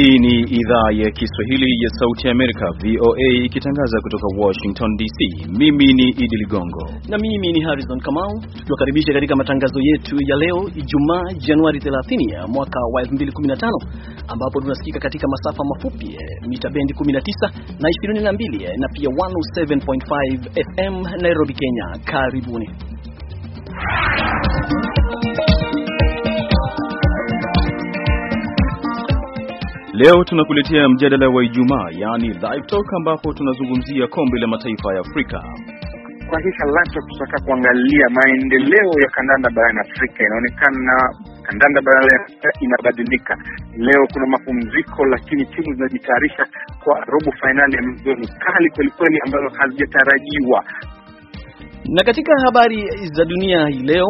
Hii ni idhaa ya Kiswahili ya Sauti ya Amerika, VOA, ikitangaza kutoka Washington DC. Mimi ni Idi Ligongo na mimi ni Harrison Kamau, tukiwakaribisha katika matangazo yetu ya leo Ijumaa, Januari 30 mwaka wa 2015, ambapo tunasikika katika masafa mafupi eh, mita bendi 19 na 22 eh, na pia 107.5 FM Nairobi, Kenya. Karibuni Leo tunakuletea mjadala wa Ijumaa, yaani live talk, ambapo tunazungumzia kombe la mataifa ya Afrika. Kwa hisa live kutaka kuangalia maendeleo ya kandanda barani Afrika. Inaonekana kandanda barani Afrika inabadilika. Leo kuna mapumziko, lakini timu zinajitayarisha kwa robo fainali ya mizozo kali kwelikweli ambazo hazijatarajiwa. Na katika habari za dunia hii leo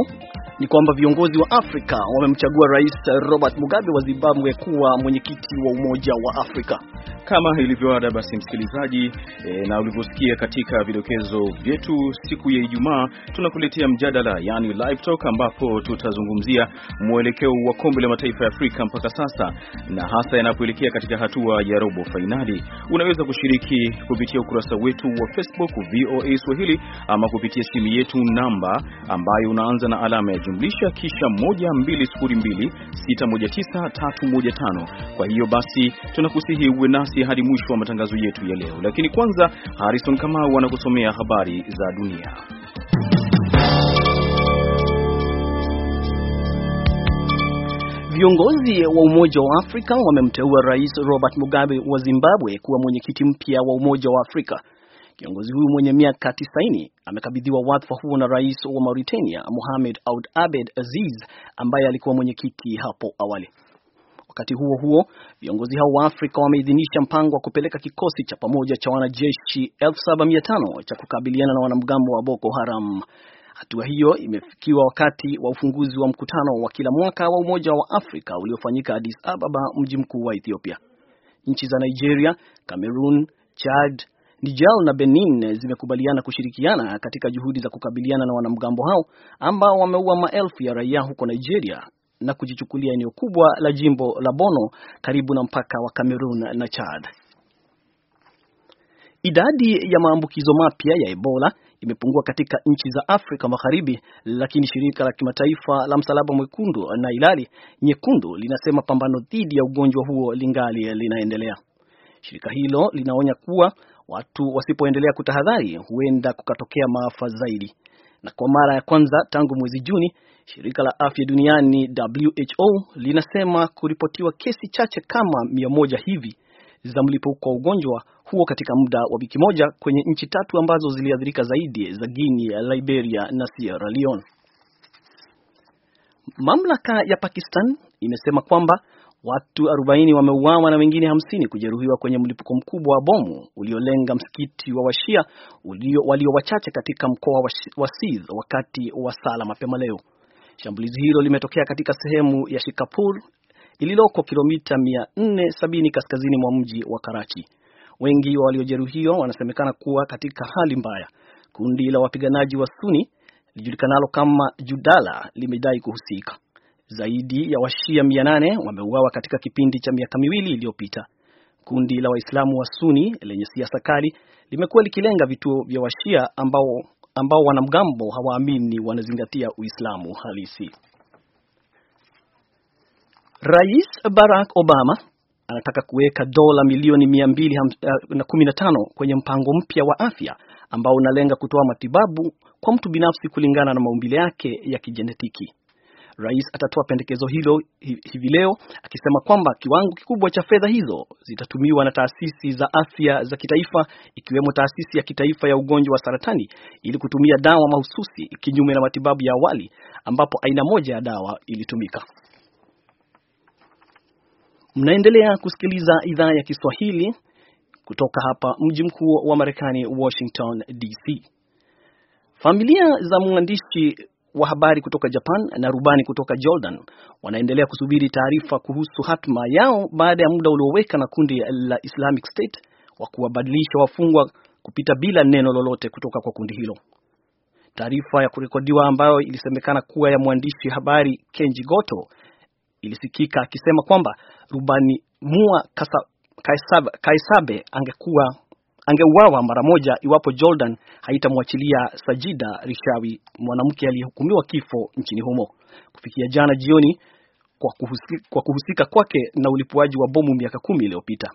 ni kwamba viongozi wa Afrika wamemchagua Rais Robert Mugabe wa Zimbabwe kuwa mwenyekiti wa Umoja wa Afrika. Kama ilivyo ada, basi msikilizaji, e, na ulivyosikia katika vidokezo vyetu, siku ya Ijumaa tunakuletea mjadala, yani live talk, ambapo tutazungumzia mwelekeo wa kombe la mataifa ya Afrika mpaka sasa na hasa yanapoelekea katika hatua ya robo fainali. Unaweza kushiriki kupitia ukurasa wetu wa Facebook VOA Swahili ama kupitia simu yetu namba ambayo unaanza na alama ya kujumlisha kisha 1202619315315. Kwa hiyo basi tunakusihi uwe nasi hadi mwisho wa matangazo yetu ya leo, lakini kwanza Harrison Kamau anakusomea habari za dunia. Viongozi wa Umoja wa Afrika wamemteua Rais Robert Mugabe wa Zimbabwe kuwa mwenyekiti mpya wa Umoja wa Afrika Kiongozi huyu mwenye miaka 90 amekabidhiwa wadhifa huo na rais wa Mauritania Mohamed Ould Abed Aziz ambaye alikuwa mwenyekiti hapo awali. Wakati huo huo, viongozi hao wa Afrika wameidhinisha mpango wa kupeleka kikosi cha pamoja cha wanajeshi 7500 cha kukabiliana na wanamgambo wa Boko Haram. Hatua hiyo imefikiwa wakati wa ufunguzi wa mkutano wa kila mwaka wa Umoja wa Afrika uliofanyika Addis Ababa, mji mkuu wa Ethiopia. Nchi za Nigeria, Cameroon, Chad, Niger na Benin zimekubaliana kushirikiana katika juhudi za kukabiliana na wanamgambo hao ambao wameua maelfu ya raia huko Nigeria na kujichukulia eneo kubwa la jimbo la Bono karibu na mpaka wa Cameroon na Chad. Idadi ya maambukizo mapya ya Ebola imepungua katika nchi za Afrika Magharibi, lakini shirika la kimataifa la Msalaba Mwekundu na Hilali Nyekundu linasema pambano dhidi ya ugonjwa huo lingali linaendelea. Shirika hilo linaonya kuwa Watu wasipoendelea kutahadhari, huenda kukatokea maafa zaidi. Na kwa mara ya kwanza tangu mwezi Juni, shirika la afya duniani WHO linasema kuripotiwa kesi chache kama mia moja hivi za mlipuko wa ugonjwa huo katika muda wa wiki moja kwenye nchi tatu ambazo ziliathirika zaidi za Guinea, Liberia na Sierra Leone. Mamlaka ya Pakistan imesema kwamba Watu 40 wameuawa na wengine 50 kujeruhiwa kwenye mlipuko mkubwa wa bomu uliolenga msikiti wa Washia ulio walio wachache katika mkoa wa Sindh wakati wa sala mapema leo. Shambulizi hilo limetokea katika sehemu ya Shikapur ililoko kilomita 470 kaskazini mwa mji wa Karachi. Wengi wa waliojeruhiwa wanasemekana kuwa katika hali mbaya. Kundi la wapiganaji wa Suni lijulikanalo kama Judala limedai kuhusika. Zaidi ya washia 800 wameuawa katika kipindi cha miaka miwili iliyopita. Kundi la Waislamu wa Suni lenye siasa kali limekuwa likilenga vituo vya washia ambao, ambao wanamgambo hawaamini wanazingatia Uislamu halisi. Rais Barack Obama anataka kuweka dola milioni 215 eh, kwenye mpango mpya wa afya ambao unalenga kutoa matibabu kwa mtu binafsi kulingana na maumbile yake ya kijenetiki. Rais atatoa pendekezo hilo hivi leo akisema kwamba kiwango kikubwa cha fedha hizo zitatumiwa na taasisi za afya za kitaifa ikiwemo taasisi ya kitaifa ya ugonjwa wa saratani ili kutumia dawa mahususi kinyume na matibabu ya awali ambapo aina moja ya dawa ilitumika. Mnaendelea kusikiliza idhaa ya Kiswahili kutoka hapa mji mkuu wa Marekani Washington DC. Familia za mwandishi wa habari kutoka Japan na rubani kutoka Jordan wanaendelea kusubiri taarifa kuhusu hatma yao baada ya muda ulioweka na kundi la Islamic State wa kuwabadilisha wafungwa kupita bila neno lolote kutoka kwa kundi hilo. Taarifa ya kurekodiwa ambayo ilisemekana kuwa ya mwandishi habari Kenji Goto ilisikika akisema kwamba rubani Mua Kaisabe angekuwa angeuawa mara moja iwapo Jordan haitamwachilia Sajida Rishawi, mwanamke aliyehukumiwa kifo nchini humo kufikia jana jioni kwa kuhusika, kwa kuhusika kwake na ulipuaji wa bomu miaka kumi iliyopita.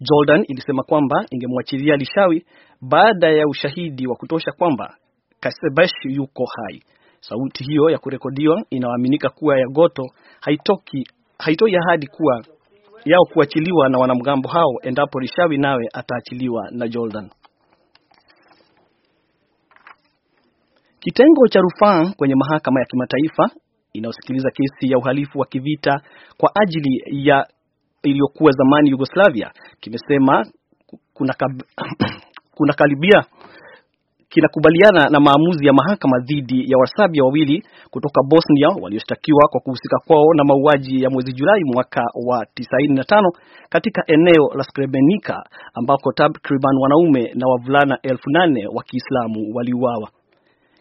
Jordan ilisema kwamba ingemwachilia Rishawi baada ya ushahidi wa kutosha kwamba Kasebesh yuko hai. Sauti hiyo ya kurekodiwa inaaminika kuwa ya Goto haitoki haitoi ahadi kuwa yao kuachiliwa na wanamgambo hao endapo Rishawi nawe ataachiliwa na Jordan. Kitengo cha rufaa kwenye mahakama ya kimataifa inayosikiliza kesi ya uhalifu wa kivita kwa ajili ya iliyokuwa zamani Yugoslavia kimesema kuna, kab... kuna karibia kinakubaliana na maamuzi ya mahakama dhidi ya Wasabia wawili kutoka Bosnia walioshtakiwa kwa kuhusika kwao na mauaji ya mwezi Julai mwaka wa 95 katika eneo la Srebrenica ambako takriban wanaume na wavulana elfu nane wa Kiislamu waliuawa.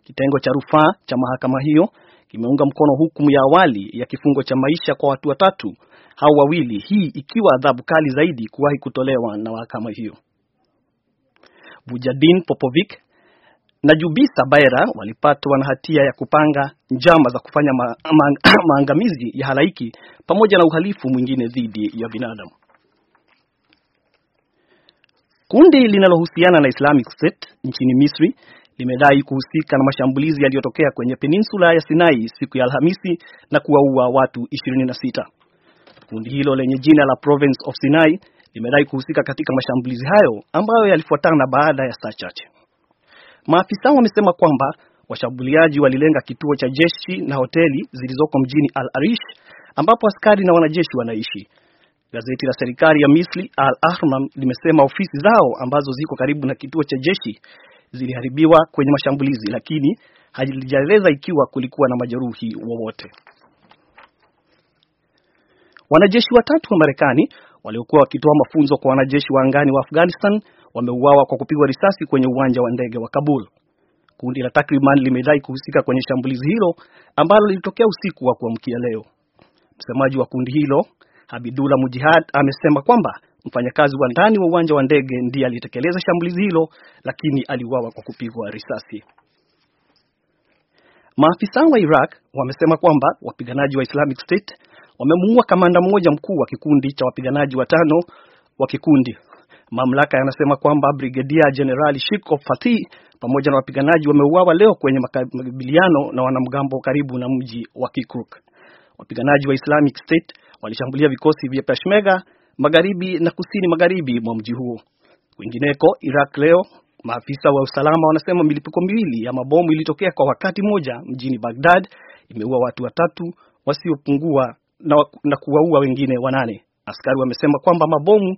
Kitengo cha rufaa cha mahakama hiyo kimeunga mkono hukumu ya awali ya kifungo cha maisha kwa watu watatu hao wawili, hii ikiwa adhabu kali zaidi kuwahi kutolewa na mahakama hiyo. Vujadin Popovic na Jubisa Baera walipatwa na hatia ya kupanga njama za kufanya ma, ma, maangamizi ya halaiki pamoja na uhalifu mwingine dhidi ya binadamu. Kundi linalohusiana na Islamic State nchini Misri limedai kuhusika na mashambulizi yaliyotokea kwenye peninsula ya Sinai siku ya Alhamisi na kuwaua watu 26. Kundi hilo lenye jina la Province of Sinai limedai kuhusika katika mashambulizi hayo ambayo yalifuatana baada ya saa chache. Maafisa wamesema kwamba washambuliaji walilenga kituo cha jeshi na hoteli zilizoko mjini Al Arish ambapo askari na wanajeshi wanaishi. Gazeti la serikali ya Misri Al Ahram limesema ofisi zao ambazo ziko karibu na kituo cha jeshi ziliharibiwa kwenye mashambulizi, lakini halijaeleza ikiwa kulikuwa na majeruhi wowote. Wanajeshi watatu wa Marekani waliokuwa wakitoa mafunzo kwa wanajeshi wa angani wa Afghanistan wameuawa kwa kupigwa risasi kwenye uwanja wa ndege wa Kabul. Kundi la takriban limedai kuhusika kwenye shambulizi hilo ambalo lilitokea usiku wa kuamkia leo. Msemaji wa kundi hilo Habidullah Mujihad amesema kwamba mfanyakazi wa ndani wa uwanja wa ndege ndiye alitekeleza shambulizi hilo, lakini aliuawa kwa kupigwa risasi. Maafisa wa Iraq wamesema kwamba wapiganaji wa Islamic State wamemuua kamanda mmoja mkuu wa kikundi cha wapiganaji watano wa kikundi Mamlaka yanasema kwamba Brigedia Jenerali Shikof Fati pamoja na wapiganaji wameuawa leo kwenye makabiliano na wanamgambo karibu na mji wa Kikruk. Wapiganaji wa Islamic State walishambulia vikosi vya Peshmerga magharibi na kusini magharibi mwa mji huo. Kwingineko Iraq leo, maafisa wa usalama wanasema milipuko miwili ya mabomu ilitokea kwa wakati mmoja mjini Baghdad, imeua watu watatu wasiopungua na, na kuwaua wengine wanane. Askari wamesema kwamba mabomu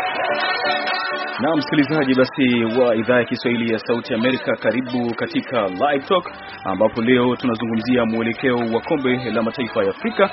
Na msikilizaji basi wa idhaa ya Kiswahili ya Sauti Amerika, karibu katika Live Talk ambapo leo tunazungumzia mwelekeo wa kombe la mataifa ya Afrika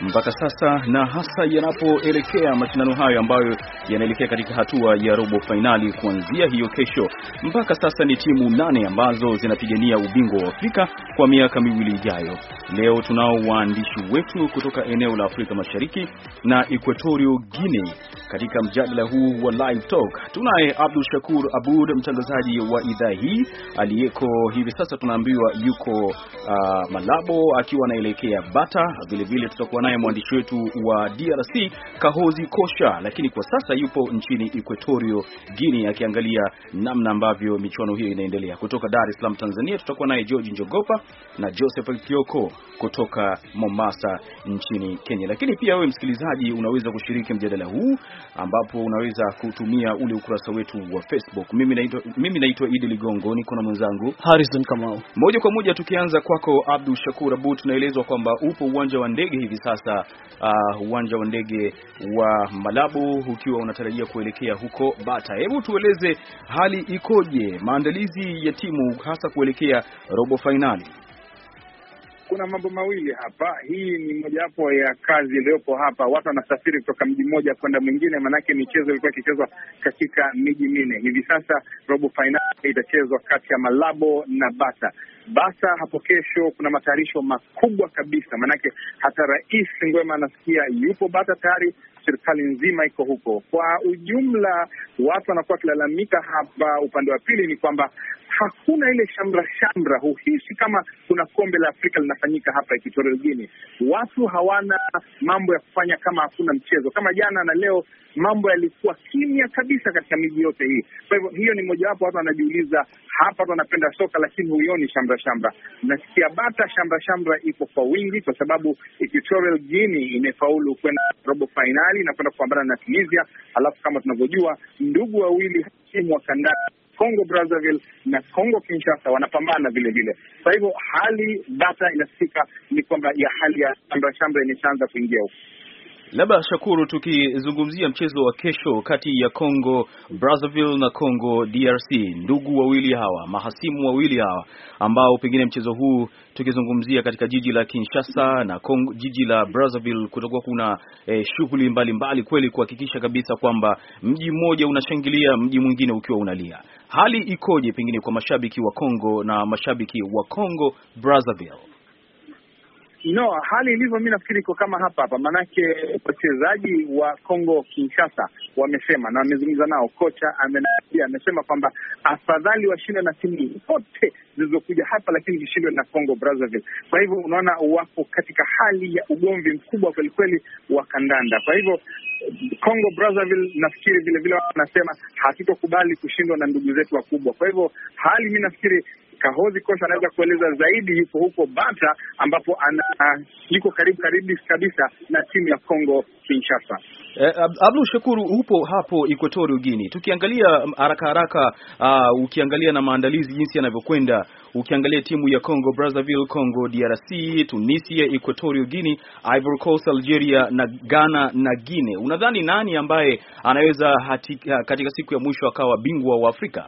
mpaka sasa na hasa yanapoelekea mashindano hayo ambayo yanaelekea katika hatua ya robo fainali kuanzia hiyo kesho. Mpaka sasa ni timu nane ambazo zinapigania ubingwa wa Afrika kwa miaka miwili ijayo. Leo tunao waandishi wetu kutoka eneo la Afrika Mashariki na Equatorial Guinea katika mjadala huu wa Live Talk. Tunaye Abdul Shakur Abud, mtangazaji wa idhaa hii aliyeko hivi sasa, tunaambiwa yuko uh, Malabo akiwa anaelekea Bata. Vilevile tutakuwa naye mwandishi wetu wa DRC Kahozi Kosha, lakini kwa sasa yupo nchini Equatorio Guini akiangalia namna ambavyo michuano hiyo inaendelea. Kutoka Dar es Salaam Tanzania tutakuwa naye George Njogopa na Joseph Kioko kutoka Mombasa nchini Kenya. Lakini pia wewe msikilizaji, unaweza kushiriki mjadala huu ambapo unaweza za kutumia ule ukurasa wetu wa Facebook. Mimi naitwa mimi naitwa Idi Ligongo, niko na mwenzangu Harrison Kamau. Moja kwa moja tukianza kwako Abdul Shakur Abud, tunaelezwa kwamba upo uwanja wa ndege hivi sasa, uh, uwanja wa ndege wa Malabo ukiwa unatarajia kuelekea huko Bata. Hebu tueleze hali ikoje, maandalizi ya timu hasa kuelekea robo fainali? kuna mambo mawili hapa. Hii ni mojawapo ya kazi iliyopo hapa, watu wanasafiri kutoka mji mmoja kwenda mwingine, maanake michezo ilikuwa ikichezwa katika miji minne. Hivi sasa robo fainali itachezwa kati ya Malabo na Bata. Bata hapo kesho kuna matayarisho makubwa kabisa, maanake hata Rais Ngwema anasikia yupo Bata tayari, serikali nzima iko huko. Kwa ujumla, watu wanakuwa wakilalamika hapa, upande wa pili ni kwamba hakuna ile shamra shamra, huhisi kama kuna kombe la Afrika linafanyika hapa Equatorial Guinea. Watu hawana mambo ya kufanya kama hakuna mchezo. Kama jana na leo, mambo yalikuwa kimya kabisa katika miji yote hii. Kwa hivyo, hiyo ni mojawapo, watu wanajiuliza hapa, watu wanapenda soka lakini huioni shamra shamra. Nasikia bata shamra shamra ipo kwa wingi, kwa sababu Equatorial Guinea imefaulu kwenda robo fainali na kwenda kupambana na Tunisia, alafu kama tunavyojua ndugu wawili timu wa kandanda Congo Brazzaville na Congo Kinshasa wanapambana vile vile. Kwa hivyo hali data inasikika ni kwamba ya hali ya shamra shamra imeshaanza kuingia huko. Labda Shakuru, tukizungumzia mchezo wa kesho kati ya Congo Brazzaville na Congo DRC, ndugu wawili hawa, mahasimu wawili hawa, ambao pengine mchezo huu tukizungumzia katika jiji la Kinshasa na Kongo, jiji la Brazzaville, kutakuwa kuna eh, shughuli mbalimbali kweli kuhakikisha kabisa kwamba mji mmoja unashangilia mji mwingine ukiwa unalia hali ikoje pengine kwa mashabiki wa Kongo na mashabiki wa Kongo Brazzaville? No, hali ilivyo mi nafikiri iko kama hapa hapa, maanake wachezaji wa Kongo Kinshasa wamesema na wamezungumza nao, kocha amenaambia amesema kwamba afadhali washindwe na timu zote zilizokuja hapa, lakini zishindwe na Kongo Brazzaville. Kwa hivyo unaona, wako katika hali ya ugomvi mkubwa kwelikweli wa kandanda. Kwa hivyo Kongo Brazzaville nafikiri vilevile wanasema hatutokubali kushindwa na ndugu zetu wakubwa. Kwa hivyo hali mi nafikiri Kahozi Kosha anaweza kueleza zaidi, yuko huko Bata ambapo ana yuko karibu karibu kabisa na timu ya Kongo Kinshasa. Eh, Abdul Shakuru, hupo hapo Equatorial Guinea, tukiangalia mm, haraka haraka, uh, ukiangalia na maandalizi jinsi yanavyokwenda, ukiangalia timu ya Congo Brazzaville, Congo DRC, Tunisia, Equatorial Guinea, Ivory Coast, Algeria na Ghana na Guinea, unadhani nani ambaye anaweza hatika, ah, katika siku ya mwisho akawa bingwa wa Afrika?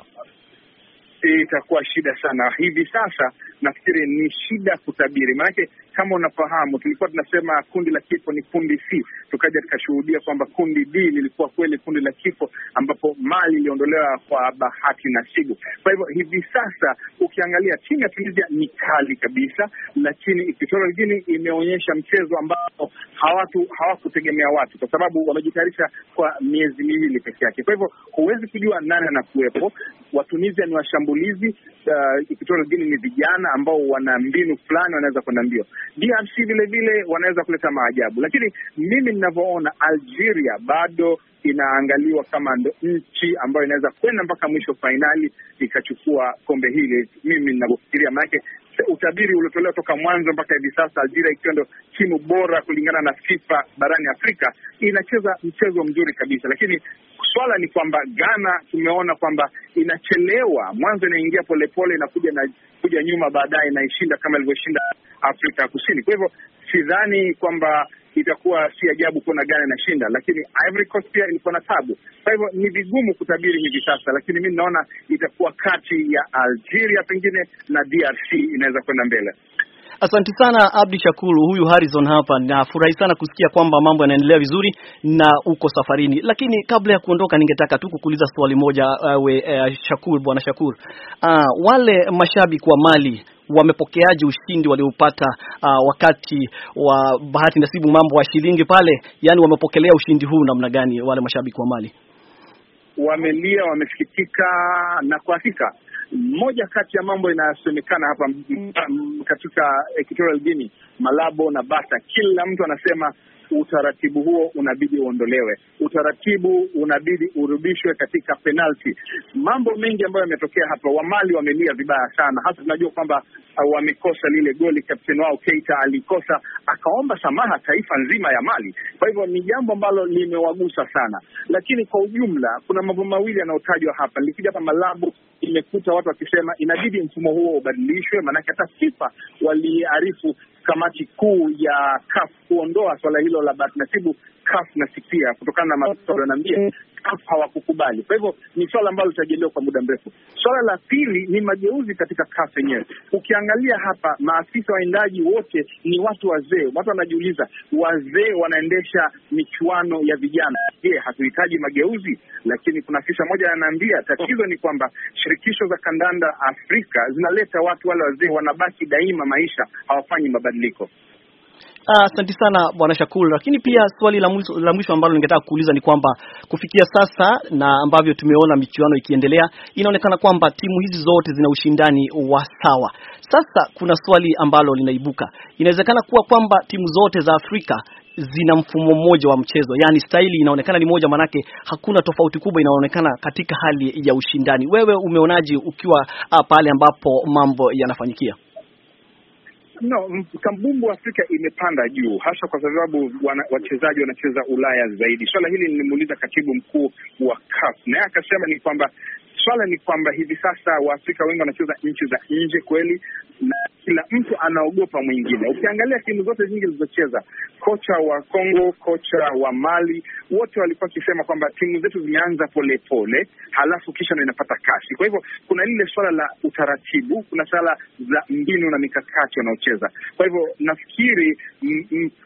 itakuwa shida sana. Hivi sasa nafikiri ni shida kutabiri, maanake kama unafahamu, tulikuwa tunasema kundi la kifo ni kundi C, tukaja tukashuhudia kwamba kundi D lilikuwa kweli kundi la kifo, ambapo mali iliondolewa kwa bahati nasibu. Kwa hivyo hivi sasa ukiangalia timu ya Tunisia ni kali kabisa, lakini Equatorial Guinea imeonyesha mchezo ambao hawatu hawakutegemea watu, kwa sababu wamejitayarisha kwa miezi miwili peke yake. Kwa hivyo huwezi kujua nani anakuwepo. Watunisia ni washambulizi, uh, Equatorial Guinea ni vijana ambao wana mbinu fulani, wanaweza kwenda mbio. DRC vile vile wanaweza kuleta maajabu, lakini mimi ninavyoona, Algeria bado inaangaliwa kama ndo nchi ambayo inaweza kwenda mpaka mwisho fainali ikachukua kombe hili, mimi ninavyofikiria, maanake utabiri uliotolewa toka mwanzo mpaka hivi sasa, Algeria ikiwa ndio timu bora kulingana na FIFA barani Afrika, inacheza mchezo mzuri kabisa, lakini swala ni kwamba Ghana tumeona kwamba inachelewa, mwanzo inaingia polepole, inakuja na kuja nyuma, baadaye inaishinda kama ilivyoshinda Afrika ya Kusini. Kwa hivyo sidhani kwamba itakuwa si ajabu kuona Ghana inashinda, lakini Ivory Coast pia ilikuwa na tabu. Kwa hivyo ni vigumu kutabiri hivi sasa, lakini mi naona itakuwa kati ya Algeria pengine na DRC inaweza kwenda mbele. Asanti sana Abdi Shakuru. Huyu Harrison hapa, nafurahi sana kusikia kwamba mambo yanaendelea vizuri na uko safarini, lakini kabla ya kuondoka, ningetaka tu kukuuliza swali moja, uh, uh, Shakur, bwana Shakur, uh, wale mashabiki wa Mali wamepokeaje ushindi walioupata uh, wakati wa bahati nasibu mambo wa shilingi pale, yani wamepokelea ushindi huu namna gani? Wale mashabiki wa Mali wamelia, wamesikitika na kwa hakika moja kati ya mambo inayosemekana hapa katika Equatorial Guinea, Malabo na Bata, kila mtu anasema utaratibu huo unabidi uondolewe, utaratibu unabidi urudishwe katika penalti. Mambo mengi ambayo yametokea hapa, Wamali wamelia vibaya sana, hasa tunajua kwamba uh, wamekosa lile goli, kapteni wao Keita alikosa akaomba samaha taifa nzima ya Mali. Kwa hivyo ni jambo ambalo limewagusa sana, lakini kwa ujumla kuna mambo mawili yanayotajwa hapa. likija hapa Malabo imekuta watu wakisema inabidi mfumo huo ubadilishwe, maanake hata FIFA waliarifu kamati kuu ya CAF kuondoa swala hilo la bahati nasibu CAF na Sipia kutokana na matokeo walioniambia CAF hawakukubali. Kwa hivyo ni swala ambalo litajelewa kwa muda mrefu. Swala la pili ni mageuzi katika CAF yenyewe. Ukiangalia hapa, maafisa waendaji wote ni watu wazee. Watu wanajiuliza, wazee wanaendesha michuano ya vijana, je, hatuhitaji mageuzi? Lakini kuna afisa moja ananiambia tatizo ni kwamba shirikisho za kandanda Afrika zinaleta watu wale wazee, wanabaki daima maisha, hawafanyi mabadiliko. Ah, Asante uh, sana bwana Shakul, lakini pia swali la mwisho ambalo ningetaka kuuliza ni kwamba kufikia sasa na ambavyo tumeona michuano ikiendelea, inaonekana kwamba timu hizi zote zina ushindani wa sawa. Sasa kuna swali ambalo linaibuka, inawezekana kuwa kwamba timu zote za Afrika zina mfumo mmoja wa mchezo, yaani staili inaonekana ni moja, manake hakuna tofauti kubwa inaonekana katika hali ya ushindani. Wewe umeonaje ukiwa ah, pale ambapo mambo yanafanyikia? No, kambumbu Afrika imepanda juu hasa kwa sababu wana, wachezaji wanacheza Ulaya zaidi. Swala hili nilimuuliza katibu mkuu wa CAF naye akasema ni kwamba Swala ni kwamba hivi sasa Waafrika wengi wanacheza nchi za nje kweli, na kila mtu anaogopa mwingine. Ukiangalia timu zote nyingi zilizocheza, kocha wa Kongo, kocha wa Mali, wote walikuwa wakisema kwamba timu zetu zimeanza polepole, halafu kisha ndo inapata kasi. Kwa hivyo kuna lile swala la utaratibu, kuna swala za mbinu na mikakati wanaocheza. Kwa hivyo nafikiri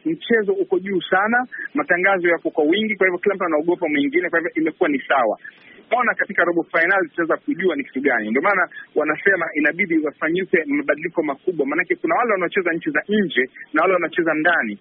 mchezo uko juu sana, matangazo yako kwa wingi, kwa hivyo kila mtu anaogopa mwingine, kwa hivyo imekuwa ni sawa kuona katika robo fainali tutaweza kujua ni kitu gani. Ndio maana wanasema inabidi wafanyike mabadiliko makubwa, maanake kuna wale wanaocheza nchi za nje na wale wanaocheza ndani.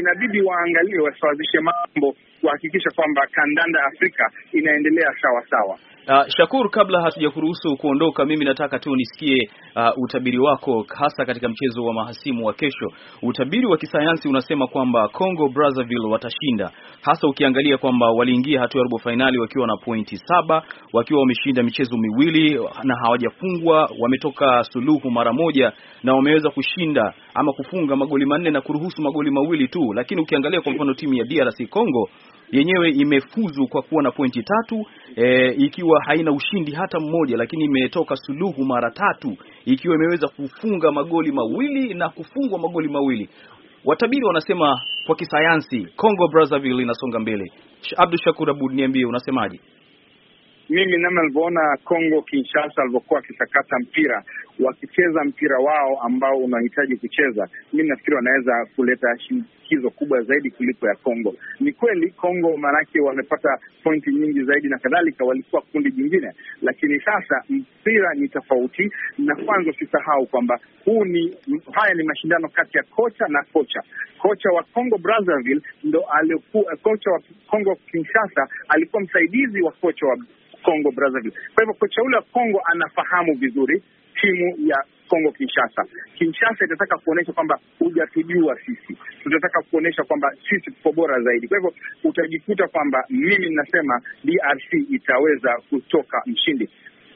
Inabidi waangalie, wasawazishe mambo, kuhakikisha kwamba kandanda Afrika inaendelea sawa sawa. Uh, Shakur, kabla hatuja kuruhusu kuondoka, mimi nataka tu nisikie uh, utabiri wako hasa katika mchezo wa mahasimu wa kesho. Utabiri wa kisayansi unasema kwamba Congo Brazzaville watashinda, hasa ukiangalia kwamba waliingia hatua ya robo fainali wakiwa na pointi saba saba wakiwa wameshinda michezo miwili na hawajafungwa, wametoka suluhu mara moja na wameweza kushinda ama kufunga magoli manne na kuruhusu magoli mawili tu. Lakini ukiangalia kwa mfano timu ya DRC Congo yenyewe imefuzu kwa kuwa na pointi tatu e, ikiwa haina ushindi hata mmoja, lakini imetoka suluhu mara tatu ikiwa imeweza kufunga magoli mawili na kufungwa magoli mawili. Watabiri wanasema kwa kisayansi Congo Brazzaville inasonga mbele. Abdul Shakur Abud, niambie unasemaje? mimi namna nilivyoona Kongo Kinshasa alivyokuwa akisakata mpira, wakicheza mpira wao ambao unahitaji kucheza, mimi nafikiri wanaweza kuleta shinikizo kubwa zaidi kuliko ya Kongo. Ni kweli Kongo maanake wamepata pointi nyingi zaidi na kadhalika, walikuwa kundi jingine, lakini sasa mpira ni tofauti. Na kwanza usisahau kwamba huu ni haya ni mashindano kati ya kocha na kocha. Kocha wa Kongo Brazzaville ndo alikuwa kocha wa Kongo Kinshasa, alikuwa msaidizi wa kocha wa Congo Brazzaville. Kwa hivyo kocha ule wa Congo anafahamu vizuri timu ya Kongo Kinshasa. Kinshasa itataka kuonyesha kwamba hujatujua sisi, tunataka kuonyesha kwamba sisi tuko bora zaidi. Kwa hivyo utajikuta kwamba mimi ninasema DRC itaweza kutoka mshindi.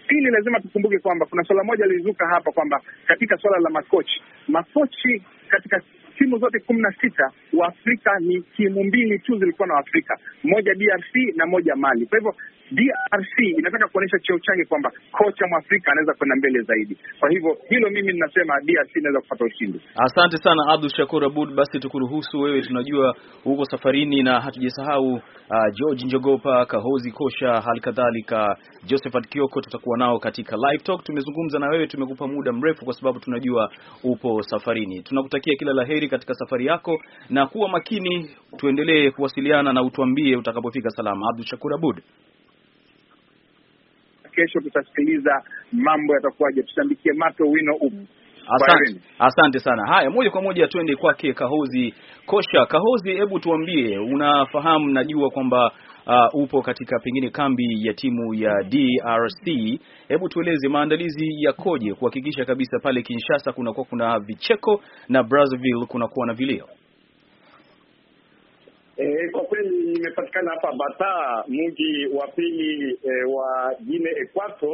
Pili, lazima tukumbuke kwamba kuna swala moja lilizuka hapa kwamba katika swala la makochi, makochi katika timu zote kumi na sita Afrika ni timu mbili tu zilikuwa na Afrika, moja DRC na moja Mali. Kwa hivyo DRC inataka kuonyesha cheo chake kwamba kocha mwafrika anaweza kwenda mbele zaidi. Kwa hivyo hilo mimi ninasema DRC inaweza kupata ushindi. Asante sana Abdul Shakur Abud, basi tukuruhusu wewe, tunajua huko safarini na hatujasahau uh, George Njogopa, Kahozi Kosha, hali kadhalika Josephat Kioko, tutakuwa nao katika live talk. Tumezungumza na wewe, tumekupa muda mrefu kwa sababu tunajua upo safarini. Tunakuta tunakutakia kila laheri katika safari yako na kuwa makini. Tuendelee kuwasiliana na utuambie utakapofika salama. Abdul Shakur Abud, kesho tutasikiliza mambo yatakuwaje, tusambikie mato wino upu. Asante, asante sana. Haya, moja kwa moja twende kwake Kahozi Kosha. Kahozi, hebu tuambie, unafahamu najua kwamba uh, upo katika pengine kambi ya timu ya DRC. Hebu tueleze maandalizi yakoje kuhakikisha kabisa pale Kinshasa kunakuwa kuna vicheko na Brazzaville kunakuwa na vilio? E, kwa kweli nimepatikana hapa Bata, mji wa pili e, wa Gine Ekwato.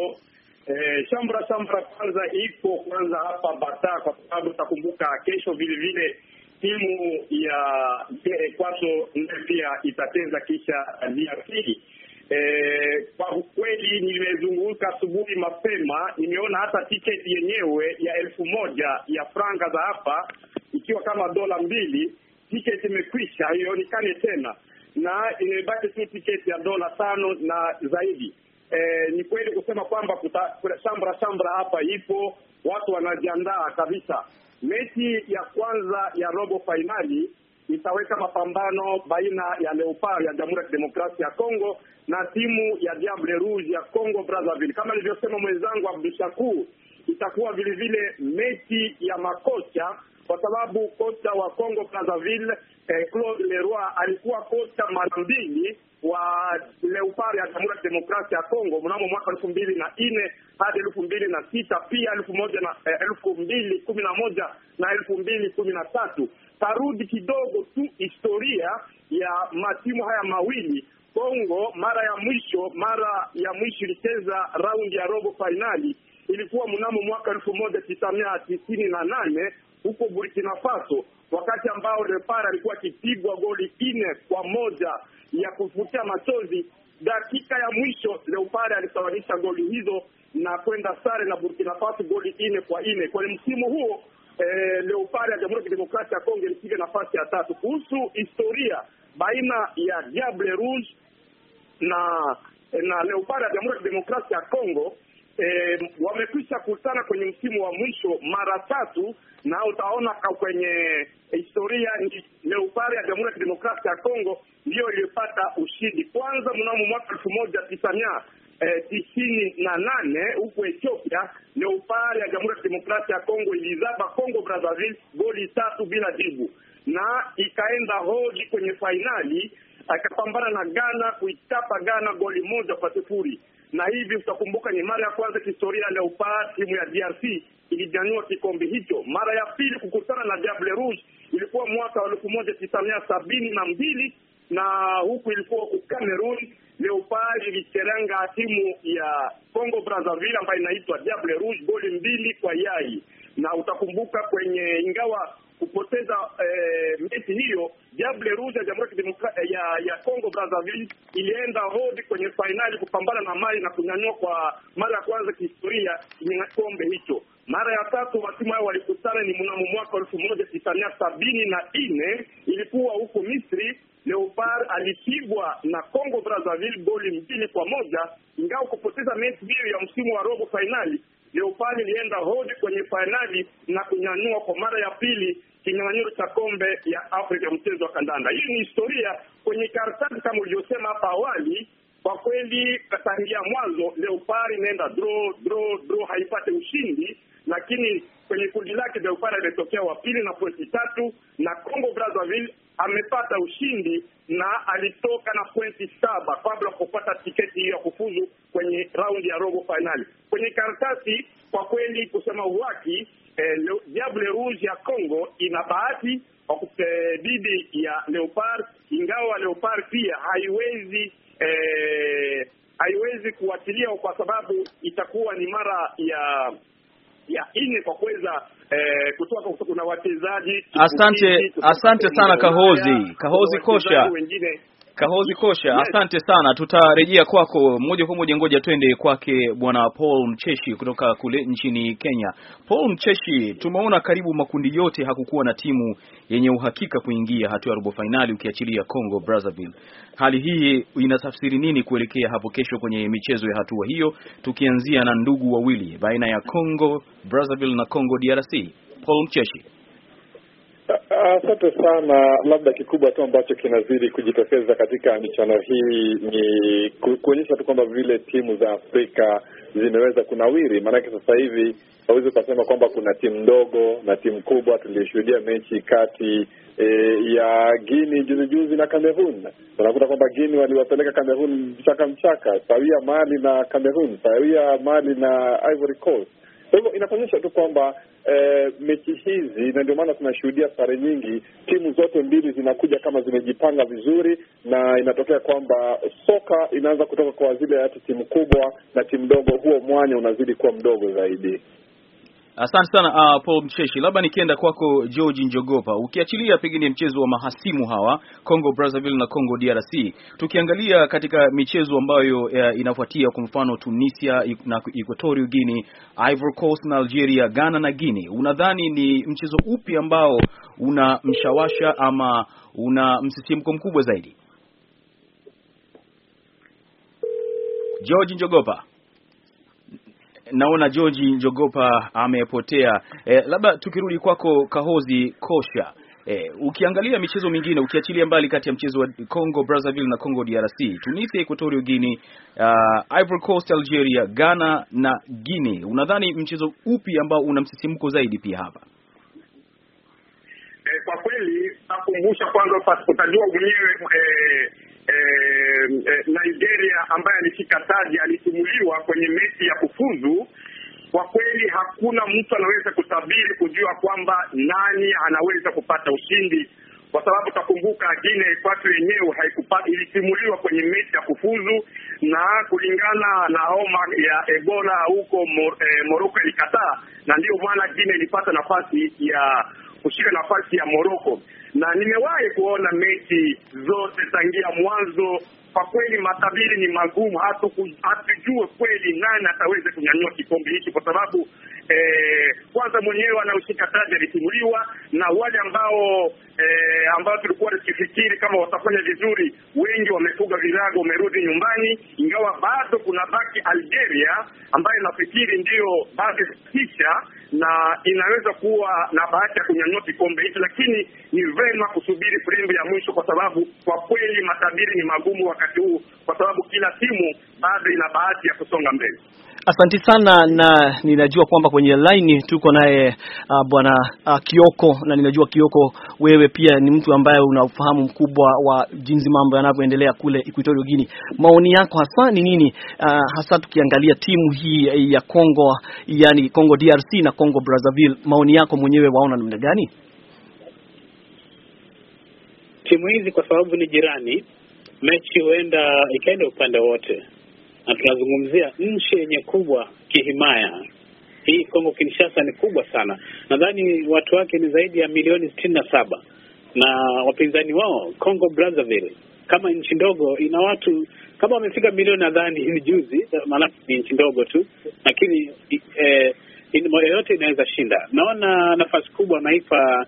E, eh, shambra shambra kwanza iko kwanza hapa Bata, kwa sababu utakumbuka kesho vile vile timu ya Kwaso nayo pia itacheza kisha DRC. Eh, kwa kweli nimezunguka asubuhi mapema, nimeona hata tiketi yenyewe ya elfu moja ya franga za hapa ikiwa kama dola mbili, tiketi imekwisha, haionekani tena, na imebaki tu tiketi ya dola tano na zaidi. E, ni kweli kusema kwamba shambra shambra hapa ipo, watu wanajiandaa kabisa. Mechi ya kwanza ya robo fainali itaweka mapambano baina ya Leopard ya Jamhuri ya Kidemokrasia ya Kongo na timu ya Diable Rouge ya Congo Brazzaville. Kama alivyosema mwenzangu Abdushakur, itakuwa vilevile mechi ya makocha kwa sababu kocha wa Congo Brazzaville eh, Claude Leroy alikuwa kocha mara mbili wa Leopard ya Jamhuri ya Demokrasia ya Kongo mnamo mwaka elfu mbili na nne hadi elfu mbili na sita pia elfu moja na eh, elfu mbili kumi na moja na elfu mbili kumi na tatu Tarudi kidogo tu historia ya matimu haya mawili. Kongo mara ya mwisho mara ya mwisho ilicheza raundi ya robo fainali ilikuwa mnamo mwaka elfu moja tisa mia tisini na nane huko Burkina Faso, wakati ambao Depara alikuwa akipigwa goli nne kwa moja ya kufutia machozi. Dakika ya mwisho Leopare alisababisha goli hizo na kwenda sare na Burkina Faso goli nne kwa nne. Kwenye msimu huo eh, Leopare ya Jamhuri ya Kidemokrasia ya Kongo ilipiga nafasi ya tatu. Kuhusu historia baina ya Diable Rouge na na Leopare ya Jamhuri ya Kidemokrasia ya Kongo e, wamekwisha kutana kwenye msimu wa mwisho mara tatu, na utaona kwenye historia ni ya Jamhuri ya Kidemokrasia ya Kongo ndiyo iliyopata ushindi kwanza mnamo mwaka elfu moja tisa mia E, tisini na nane huko Ethiopia, Leopard ya Jamhuri ya Kidemokrasia ya Kongo ilizaba Kongo Brazzaville goli tatu bila jibu, na ikaenda hodi kwenye fainali akapambana na Ghana kuitapa Ghana goli moja kwa sifuri na hivi utakumbuka ni mara ya kwanza kihistoria ya Leopard timu ya DRC ilijanyua kikombe hicho. Mara ya pili kukutana na Diable Rouge ilikuwa mwaka wa elfu moja tisa mia sabini na mbili na huku ilikuwa Cameroon. Leopard ilicheranga timu ya Congo Brazzaville ambayo inaitwa Diable Rouge goli mbili kwa yai, na utakumbuka kwenye ingawa kupoteza eh, mechi hiyo. Diable Rouge ya Jamhuri ya eh, ya Congo Brazzaville ilienda hodi kwenye fainali kupambana na Mali na kunyanyua kwa mara ya kwanza kihistoria kombe hicho. Mara ya tatu watimu hao walikutana ni mnamo mwaka elfu moja tisamia sabini na nne ilikuwa huko Misri. Leopard alipigwa na Congo Brazzaville goli mbili kwa moja ingawa kupoteza mechi hiyo ya msimu wa robo fainali Leopard ilienda hodi kwenye fainali na kunyanyua kwa mara ya pili kinyang'anyiro cha kombe ya Afrika mchezo wa kandanda. Hii ni historia kwenye karatasi kama ulivyosema hapa awali. Kwa kweli katangia mwanzo Leopard inaenda draw draw draw, haipate ushindi, lakini kwenye kundi lake Leopard ametokea wa pili na pointi tatu, na Congo Brazzaville amepata ushindi na alitoka na pointi saba kabla kupata tiketi hiyo ya kufuzu kwenye raundi ya robo fainali. Kwenye karatasi kwa kweli, kusema uwaki Diable eh, Rouge ya Congo ina bahati dhidi ya Leopard, ingawa Leopard pia haiwezi eh, haiwezi kuwatilia kwa sababu itakuwa ni mara ya ya nne kwa kuweza eh, kutoka kuna wachezaji. Asante, asante sana Kahozi Kahozi Kosha, Kahozi Kosha, asante sana, tutarejea kwako moja kwa moja. Ngoja twende kwake bwana Paul Mcheshi kutoka kule nchini Kenya. Paul Mcheshi, tumeona karibu makundi yote hakukuwa na timu yenye uhakika kuingia hatua ya robo fainali ukiachilia Congo Brazzaville. Hali hii inatafsiri nini kuelekea hapo kesho kwenye michezo ya hatua hiyo, tukianzia na ndugu wawili baina ya Congo Brazzaville na Congo DRC? Paul Mcheshi. Asante sana. Labda kikubwa tu ambacho kinazidi kujitokeza katika michano hii ni kuonyesha tu kwamba vile timu za Afrika zimeweza kunawiri, maanake sasa hivi hawezi ukasema kwamba kuna timu ndogo na timu kubwa. Tulishuhudia mechi kati e, ya Guini juzi juzi na Cameroon. Unakuta kwamba Guini waliwapeleka cameron mchaka mchaka, sawia Mali na Cameroon, sawia Mali na Ivory Coast kwa hivyo inatuonyesha tu kwamba e, mechi hizi na ndio maana tunashuhudia sare nyingi, timu zote mbili zinakuja kama zimejipanga vizuri, na inatokea kwamba soka inaanza kutoka kwa zile hata timu kubwa na timu ndogo, huo mwanya unazidi kuwa mdogo zaidi. Asante sana uh, Paul Mcheshi, labda nikienda kwako George Njogopa, ukiachilia pengine mchezo wa mahasimu hawa Congo Brazzaville na Congo DRC, tukiangalia katika michezo ambayo uh, inafuatia kwa mfano Tunisia na Equatorial Guinea, Ivory Coast na Algeria, Ghana na Guinea, unadhani ni mchezo upi ambao una mshawasha ama una msisimko mkubwa zaidi? George Njogopa naona George Njogopa amepotea. E, labda tukirudi kwako Kahozi Kosha. E, ukiangalia michezo mingine ukiachilia mbali kati ya mchezo wa Congo Brazzaville na Congo DRC, Tunisia, Equatorial Guinea, uh, Ivory Coast, Algeria, Ghana na Guinea, unadhani mchezo upi ambao una msisimko zaidi pia hapa? E, kwa kweli nakumbusha kwanza, utajua mwenyewe eh, eh, Nigeria ambaye alishika taji alitumuliwa kwenye mechi ya kufuzu. Kwa kweli hakuna mtu anaweza kutabiri kujua kwamba nani anaweza kupata ushindi, kwa sababu takumbuka Guinea Equatorial yenyewe haikupata, ilitimuliwa kwenye mechi ya kufuzu, na kulingana na homa ya Ebola huko Mor, eh, Morocco ilikataa, na ndiyo maana Guinea ilipata nafasi ya kushika nafasi ya Morocco na nimewahi kuona mechi zote tangia mwanzo. Kwa kweli matabiri ni magumu, hatujue kweli nani ataweza kunyanyua kikombe hiki, kwa sababu eh, kwanza mwenyewe anaoshika taji alitimuliwa na wale ambao eh, ambao tulikuwa tukifikiri kama watafanya vizuri, wengi wamefuga virago, wamerudi nyumbani, ingawa bado kuna baki Algeria ambayo nafikiri ndiyo bado kisha na inaweza kuwa na bahati ya kunyanyua kikombe hicho, lakini ni vema kusubiri filimbi ya mwisho, kwa sababu kwa kweli matabiri ni magumu wakati huu, kwa sababu kila timu bado ina bahati ya kusonga mbele. Asante sana, na ninajua kwamba kwenye laini tuko naye uh, bwana uh, Kioko, na ninajua Kioko, wewe pia ni mtu ambaye una ufahamu mkubwa wa jinsi mambo yanavyoendelea kule Equatorial Guinea. Maoni yako hasa ni nini, uh, hasa tukiangalia timu hii ya Congo, yani Congo DRC na Congo Brazzaville, maoni yako mwenyewe, waona namna gani timu hizi, kwa sababu ni jirani, mechi huenda ikaenda upande wote na tunazungumzia nchi yenye kubwa kihimaya. Hii Kongo Kinshasa ni kubwa sana, nadhani watu wake ni zaidi ya milioni sitini na saba na wapinzani wao Congo Brazzaville kama nchi ndogo ina watu kama wamefika milioni nadhani hivi juzi, maanake ni nchi ndogo tu, lakini eh, yoyote inaweza shinda. Naona nafasi kubwa naipa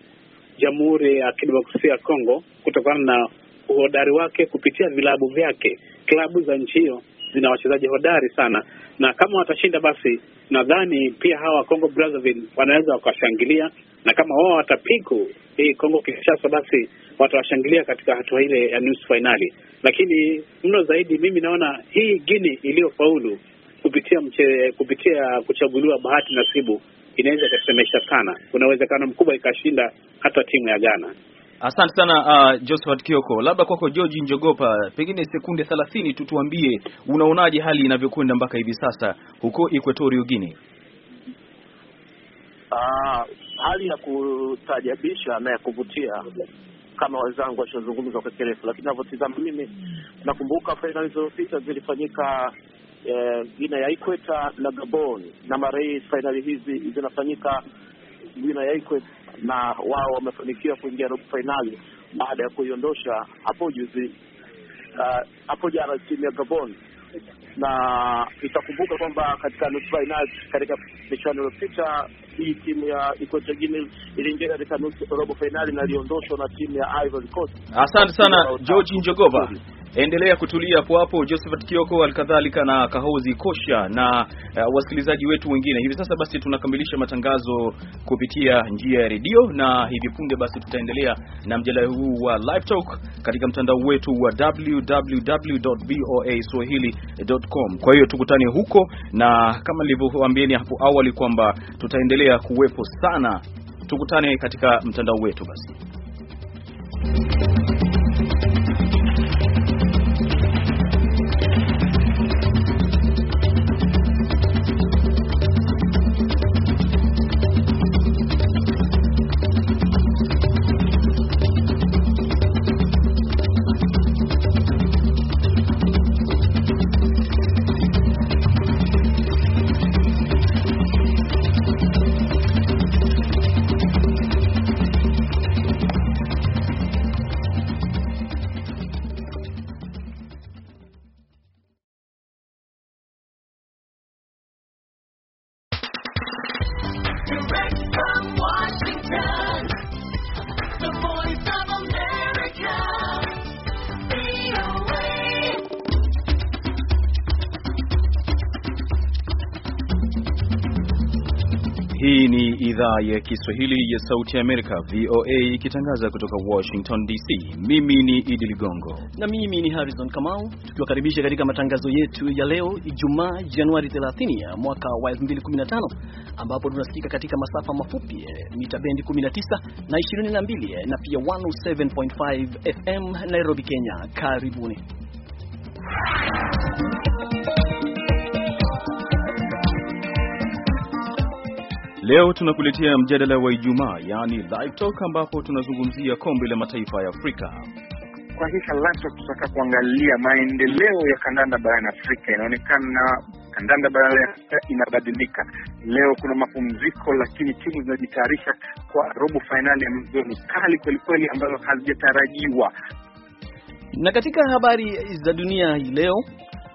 Jamhuri ya Kidemokrasia ya Kongo kutokana na uhodari wake kupitia vilabu vyake, klabu za nchi hiyo zina wachezaji hodari sana, na kama watashinda, basi nadhani pia hawa Congo Brazzaville wanaweza wakawashangilia, na kama wao watapiku hii Congo Kinshasa, basi watawashangilia katika hatua ile ya nusu fainali. Lakini mno zaidi, mimi naona hii guini iliyofaulu kupitia mche, kupitia kuchaguliwa bahati nasibu inaweza ikasemesha sana. Kuna uwezekano mkubwa ikashinda hata timu ya Ghana. Asante sana uh, Josephat Kioko, labda kwako George Njogopa, pengine sekunde 30 tu, tuambie unaonaje hali inavyokwenda mpaka hivi sasa huko Equatorial Guinea? Ah, hali ya kutajabisha na ya kuvutia kama wenzangu washazungumza kwa kirefu, lakini navyotizama mimi nakumbuka fainali zilizopita zilifanyika eh, Guinea ya Equator na Gabon, na mara hii fainali hizi zinafanyika Guinea ya Equator na wao wamefanikiwa kuingia robo fainali baada ya kuiondosha hapo juzi, uh, hapo uh, jana timu ya Gabon. Na itakumbuka kwamba katika nusu fainali, katika michuano iliyopita hii timu ya Equatorial Guinea iliingia katika nusu robo fainali na iliondoshwa na timu ya Ivory Coast. Asante sana George Njogova endelea kutulia hapo hapo, Josephat Kioko alikadhalika na Kahozi Kosha na uh, wasikilizaji wetu wengine. Hivi sasa basi tunakamilisha matangazo kupitia njia ya redio, na hivi punde basi tutaendelea na mjadala huu wa Live Talk katika mtandao wetu wa www.voaswahili.com. Kwa hiyo tukutane huko, na kama nilivyowaambieni hapo awali kwamba tutaendelea kuwepo sana. Tukutane katika mtandao wetu basi. Hii ni idhaa ya Kiswahili ya Sauti ya Amerika, VOA, ikitangaza kutoka Washington DC. Mimi ni Idi Ligongo na mimi ni Harrison Kamau, tukiwakaribisha katika matangazo yetu ya leo Ijumaa, Januari 30 mwaka wa 2015, ambapo tunasikika katika masafa mafupi eh, mita bendi 19 na 22 eh, na pia 107.5 FM Nairobi, Kenya. Karibuni Leo tunakuletea mjadala wa Ijumaa, yaani live talk, ambapo tunazungumzia kombe la mataifa ya Afrika. Kwa hisa lato kutaka tutaka kuangalia maendeleo ya kandanda barani Afrika. Inaonekana kandanda barani Afrika inabadilika. Leo kuna mapumziko, lakini timu zinajitayarisha kwa robo fainali ambazo ni kali kwelikweli, ambazo hazijatarajiwa. Na katika habari za dunia hii leo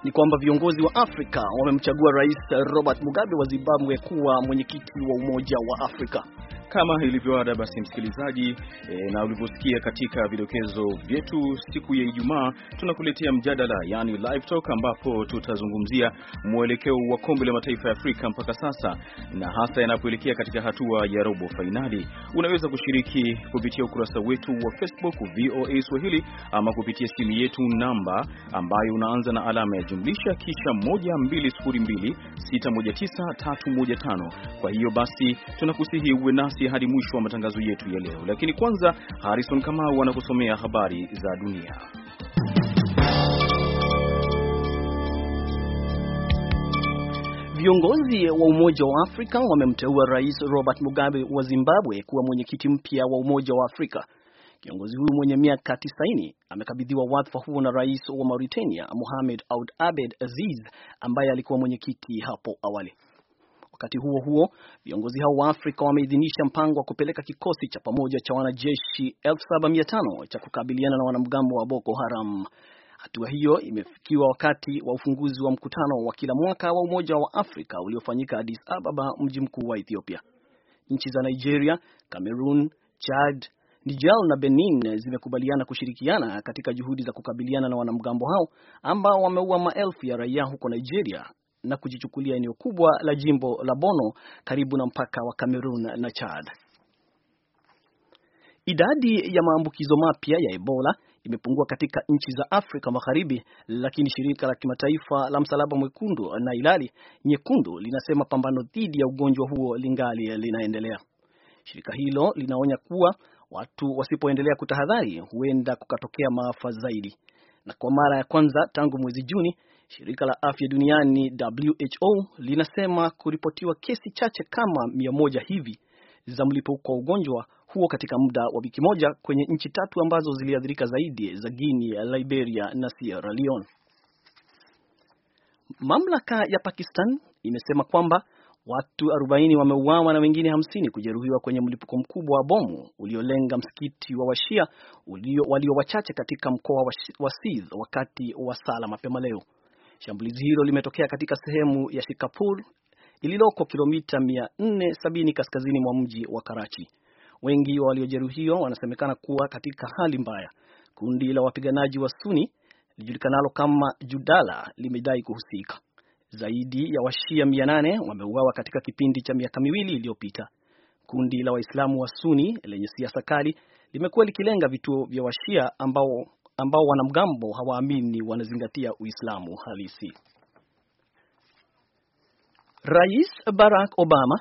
ni kwamba viongozi wa Afrika wamemchagua Rais Robert Mugabe wa Zimbabwe kuwa mwenyekiti wa Umoja wa Afrika. Kama ilivyo ada, basi msikilizaji, e, na ulivyosikia katika vidokezo vyetu, siku ya Ijumaa tunakuletea mjadala, yani live talk, ambapo tutazungumzia mwelekeo wa kombe la mataifa ya Afrika mpaka sasa na hasa yanapoelekea katika hatua ya robo fainali. Unaweza kushiriki kupitia ukurasa wetu wa Facebook VOA Swahili ama kupitia simu yetu namba ambayo unaanza na alama ya jumlisha kisha 1202619315. Kwa hiyo basi tunakusihi uwe nasi nasi hadi mwisho wa matangazo yetu ya leo, lakini kwanza Harrison Kamau anakusomea habari za dunia. Viongozi wa Umoja wa Afrika wamemteua Rais Robert Mugabe wa Zimbabwe kuwa mwenyekiti mpya wa Umoja wa Afrika. Kiongozi huyu mwenye miaka 90 amekabidhiwa wadhifa huo na Rais wa Mauritania Mohamed Ould Abed Aziz ambaye alikuwa mwenyekiti hapo awali. Wakati huo huo, viongozi hao wa Afrika wameidhinisha mpango wa kupeleka kikosi cha pamoja cha wanajeshi 7500 cha kukabiliana na wanamgambo wa Boko Haram. Hatua hiyo imefikiwa wakati wa ufunguzi wa mkutano wa kila mwaka wa Umoja wa Afrika uliofanyika Addis Ababa, mji mkuu wa Ethiopia. Nchi za Nigeria, Cameroon, Chad, Niger na Benin zimekubaliana kushirikiana katika juhudi za kukabiliana na wanamgambo hao ambao wameua maelfu ya raia huko Nigeria na kujichukulia eneo kubwa la jimbo la Bono karibu na mpaka wa Cameroon na Chad. Idadi ya maambukizo mapya ya Ebola imepungua katika nchi za Afrika Magharibi, lakini shirika la kimataifa la Msalaba Mwekundu na Hilali Nyekundu linasema pambano dhidi ya ugonjwa huo lingali linaendelea. Shirika hilo linaonya kuwa watu wasipoendelea kutahadhari, huenda kukatokea maafa zaidi. Na kwa mara ya kwanza tangu mwezi Juni, Shirika la afya duniani WHO linasema kuripotiwa kesi chache kama mia moja hivi za mlipuko wa ugonjwa huo katika muda wa wiki moja kwenye nchi tatu ambazo ziliathirika zaidi za Guinea, Liberia na Sierra Leone. Mamlaka ya Pakistan imesema kwamba watu 40 wameuawa na wengine 50 kujeruhiwa kwenye mlipuko mkubwa wa bomu uliolenga msikiti wa Washia ulio walio wachache katika mkoa wa Sindh wakati wa sala mapema leo. Shambulizi hilo limetokea katika sehemu ya Shikapur ililoko kilomita 470 kaskazini mwa mji wa Karachi. Wengi wa waliojeruhiwa wanasemekana kuwa katika hali mbaya. Kundi la wapiganaji wa Suni lijulikanalo kama Judala limedai kuhusika. Zaidi ya Washia 800 wameuawa katika kipindi cha miaka miwili iliyopita. Kundi la Waislamu wa Suni lenye siasa kali limekuwa likilenga vituo vya Washia ambao ambao wanamgambo hawaamini wanazingatia Uislamu halisi. Rais Barack Obama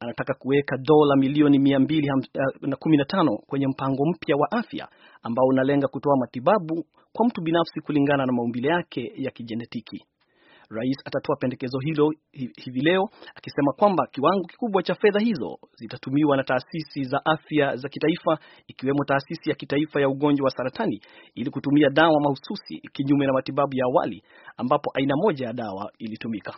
anataka kuweka dola milioni 215 eh, kwenye mpango mpya wa afya ambao unalenga kutoa matibabu kwa mtu binafsi kulingana na maumbile yake ya kijenetiki. Rais atatoa pendekezo hilo hivi leo akisema kwamba kiwango kikubwa cha fedha hizo zitatumiwa na taasisi za afya za kitaifa ikiwemo taasisi ya kitaifa ya ugonjwa wa saratani ili kutumia dawa mahususi kinyume na matibabu ya awali ambapo aina moja ya dawa ilitumika.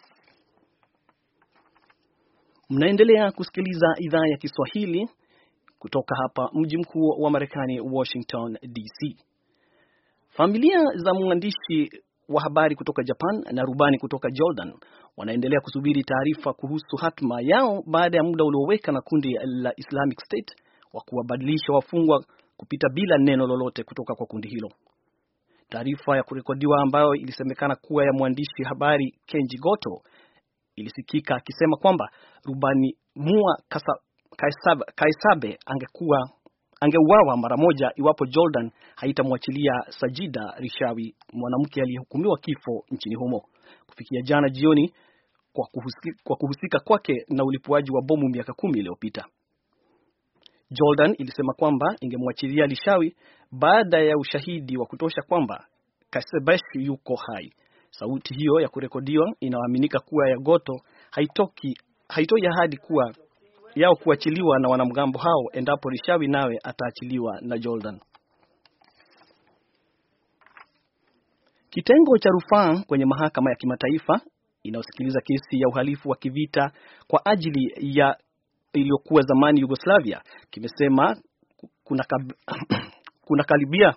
Mnaendelea kusikiliza idhaa ya Kiswahili kutoka hapa mji mkuu wa Marekani, Washington DC. Familia za mwandishi wa habari kutoka Japan na rubani kutoka Jordan wanaendelea kusubiri taarifa kuhusu hatma yao baada ya muda ulioweka na kundi la Islamic State wa kuwabadilisha wafungwa kupita bila neno lolote kutoka kwa kundi hilo. Taarifa ya kurekodiwa ambayo ilisemekana kuwa ya mwandishi habari Kenji Goto ilisikika akisema kwamba rubani Mua Kaisabe angekuwa angeuawa mara moja iwapo Jordan haitamwachilia Sajida Rishawi, mwanamke aliyehukumiwa kifo nchini humo kufikia jana jioni kwa kuhusika, kwa kuhusika kwake na ulipuaji wa bomu miaka kumi iliyopita. Jordan ilisema kwamba ingemwachilia Rishawi baada ya ushahidi wa kutosha kwamba Kasebesh yuko hai. Sauti hiyo ya kurekodiwa inaaminika kuwa ya Goto haitoki haitoi ahadi kuwa yao kuachiliwa na wanamgambo hao endapo Rishawi nawe ataachiliwa na Jordan. Kitengo cha rufaa kwenye mahakama ya kimataifa inayosikiliza kesi ya uhalifu wa kivita kwa ajili ya iliyokuwa zamani Yugoslavia kimesema kuna, kab... kuna karibia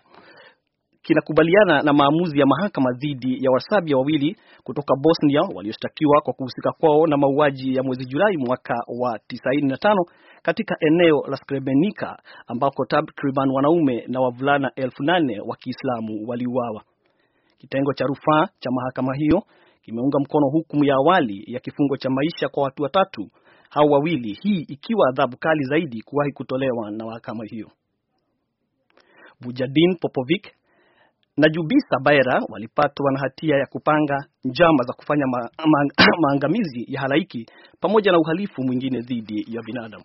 kinakubaliana na maamuzi ya mahakama dhidi ya Wasabia wawili kutoka Bosnia walioshtakiwa kwa kuhusika kwao na mauaji ya mwezi Julai mwaka wa 95 katika eneo la Srebrenica ambako takriban wanaume na wavulana elfu nane wa Kiislamu waliuawa. Kitengo cha rufaa cha mahakama hiyo kimeunga mkono hukumu ya awali ya kifungo cha maisha kwa watu watatu hao wawili, hii ikiwa adhabu kali zaidi kuwahi kutolewa na mahakama hiyo. Vujadin Popovic na Jubisa Baera walipatwa na hatia ya kupanga njama za kufanya ma, ma, maangamizi ya halaiki pamoja na uhalifu mwingine dhidi ya binadamu.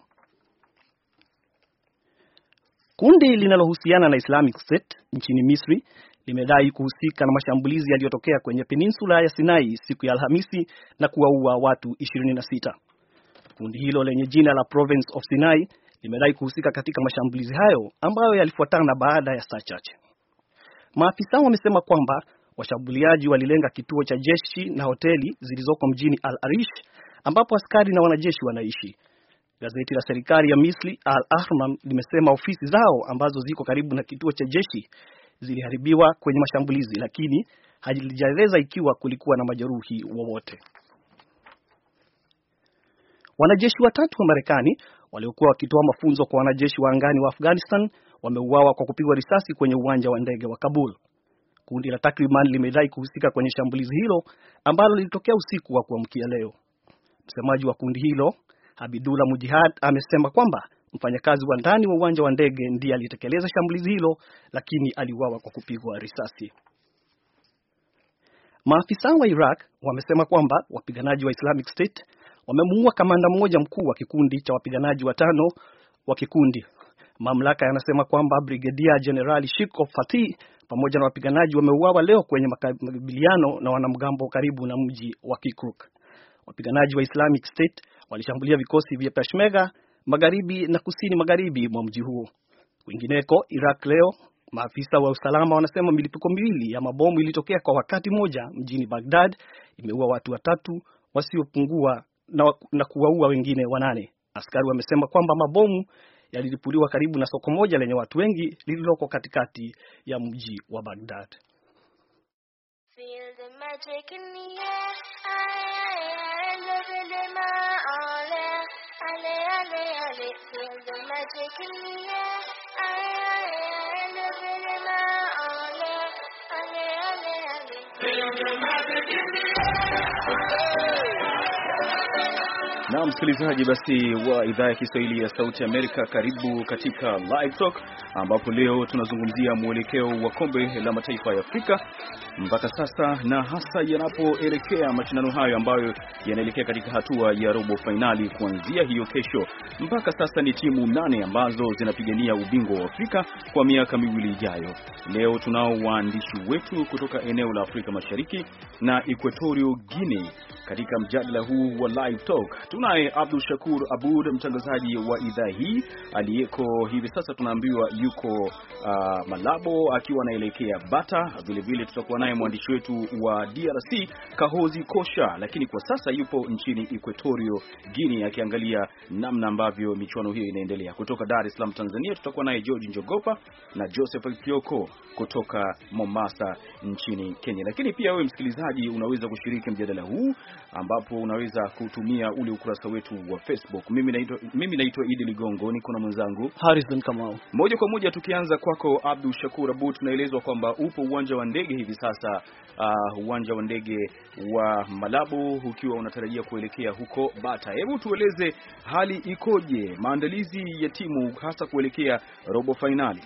Kundi linalohusiana na Islamic State nchini Misri limedai kuhusika na mashambulizi yaliyotokea kwenye peninsula ya Sinai siku ya Alhamisi na kuwaua watu 26. Kundi hilo lenye jina la Province of Sinai limedai kuhusika katika mashambulizi hayo ambayo yalifuatana baada ya saa chache. Maafisa wamesema kwamba washambuliaji walilenga kituo cha jeshi na hoteli zilizoko mjini Al Arish ambapo askari na wanajeshi wanaishi. Gazeti la serikali ya Misri Al Ahram limesema ofisi zao ambazo ziko karibu na kituo cha jeshi ziliharibiwa kwenye mashambulizi, lakini halijaeleza ikiwa kulikuwa na majeruhi wowote. Wanajeshi watatu wa Marekani waliokuwa wakitoa mafunzo kwa wanajeshi wa angani wa Afghanistan wameuawa kwa kupigwa risasi kwenye uwanja wa ndege wa Kabul. Kundi la takriban limedai kuhusika kwenye shambulizi hilo ambalo lilitokea usiku wa kuamkia leo. Msemaji wa kundi hilo Habidullah Mujihad amesema kwamba mfanyakazi wa ndani wa uwanja wa ndege ndiye alitekeleza shambulizi hilo, lakini aliuawa kwa kupigwa risasi. Maafisa wa Iraq wamesema kwamba wapiganaji wa Islamic State wamemuua kamanda mmoja mkuu wa kikundi cha wapiganaji watano wa kikundi Mamlaka yanasema kwamba Brigedia Jenerali Shiko Fati pamoja na wapiganaji wameuawa leo kwenye makabiliano na wanamgambo karibu na mji wa Kirkuk. Wapiganaji wa Islamic State walishambulia vikosi vya Peshmerga magharibi na kusini magharibi mwa mji huo. Kwingineko Iraq leo, maafisa wa usalama wanasema milipuko miwili ya mabomu ilitokea kwa wakati mmoja mjini Baghdad, imeua watu watatu wasiopungua na, na kuwaua wengine wanane. Askari wamesema kwamba mabomu yalilipuliwa karibu na soko moja lenye watu wengi lililoko katikati ya mji wa Baghdad. Na msikilizaji basi wa idhaa ya Kiswahili ya Sauti Amerika, karibu katika Live Talk ambapo leo tunazungumzia mwelekeo wa kombe la mataifa ya Afrika mpaka sasa na hasa yanapoelekea mashindano hayo ambayo yanaelekea katika hatua ya robo fainali kuanzia hiyo kesho. Mpaka sasa ni timu nane ambazo zinapigania ubingwa wa Afrika kwa miaka miwili ijayo. Leo tunao waandishi wetu kutoka eneo la Afrika Mashariki na Equatorial Guinea katika mjadala huu wa Live Talk. Tunaye Abdul Shakur Abud, mtangazaji wa idhaa hii aliyeko hivi sasa, tunaambiwa yuko uh, Malabo akiwa anaelekea Bata. Vilevile tutakuwa naye mwandishi wetu wa DRC Kahozi Kosha, lakini kwa sasa yupo nchini Equatorio Guinea akiangalia namna ambavyo michuano hiyo inaendelea. Kutoka Dar es Salaam Tanzania tutakuwa naye George Njogopa na Joseph Kioko kutoka Mombasa nchini Kenya. Lakini pia wewe msikilizaji, unaweza kushiriki mjadala huu ambapo unaweza kutu kutumia ule ukurasa wetu wa Facebook. Mimi naitwa mimi naitwa Idi Ligongo, niko na mwenzangu Harrison Kamau. Moja kwa moja tukianza kwako Abdul Shakur Abud, tunaelezwa kwamba upo uwanja wa ndege hivi sasa, uh, uwanja wa ndege wa Malabo ukiwa unatarajia kuelekea huko Bata. Hebu tueleze hali ikoje, maandalizi ya timu hasa kuelekea robo fainali?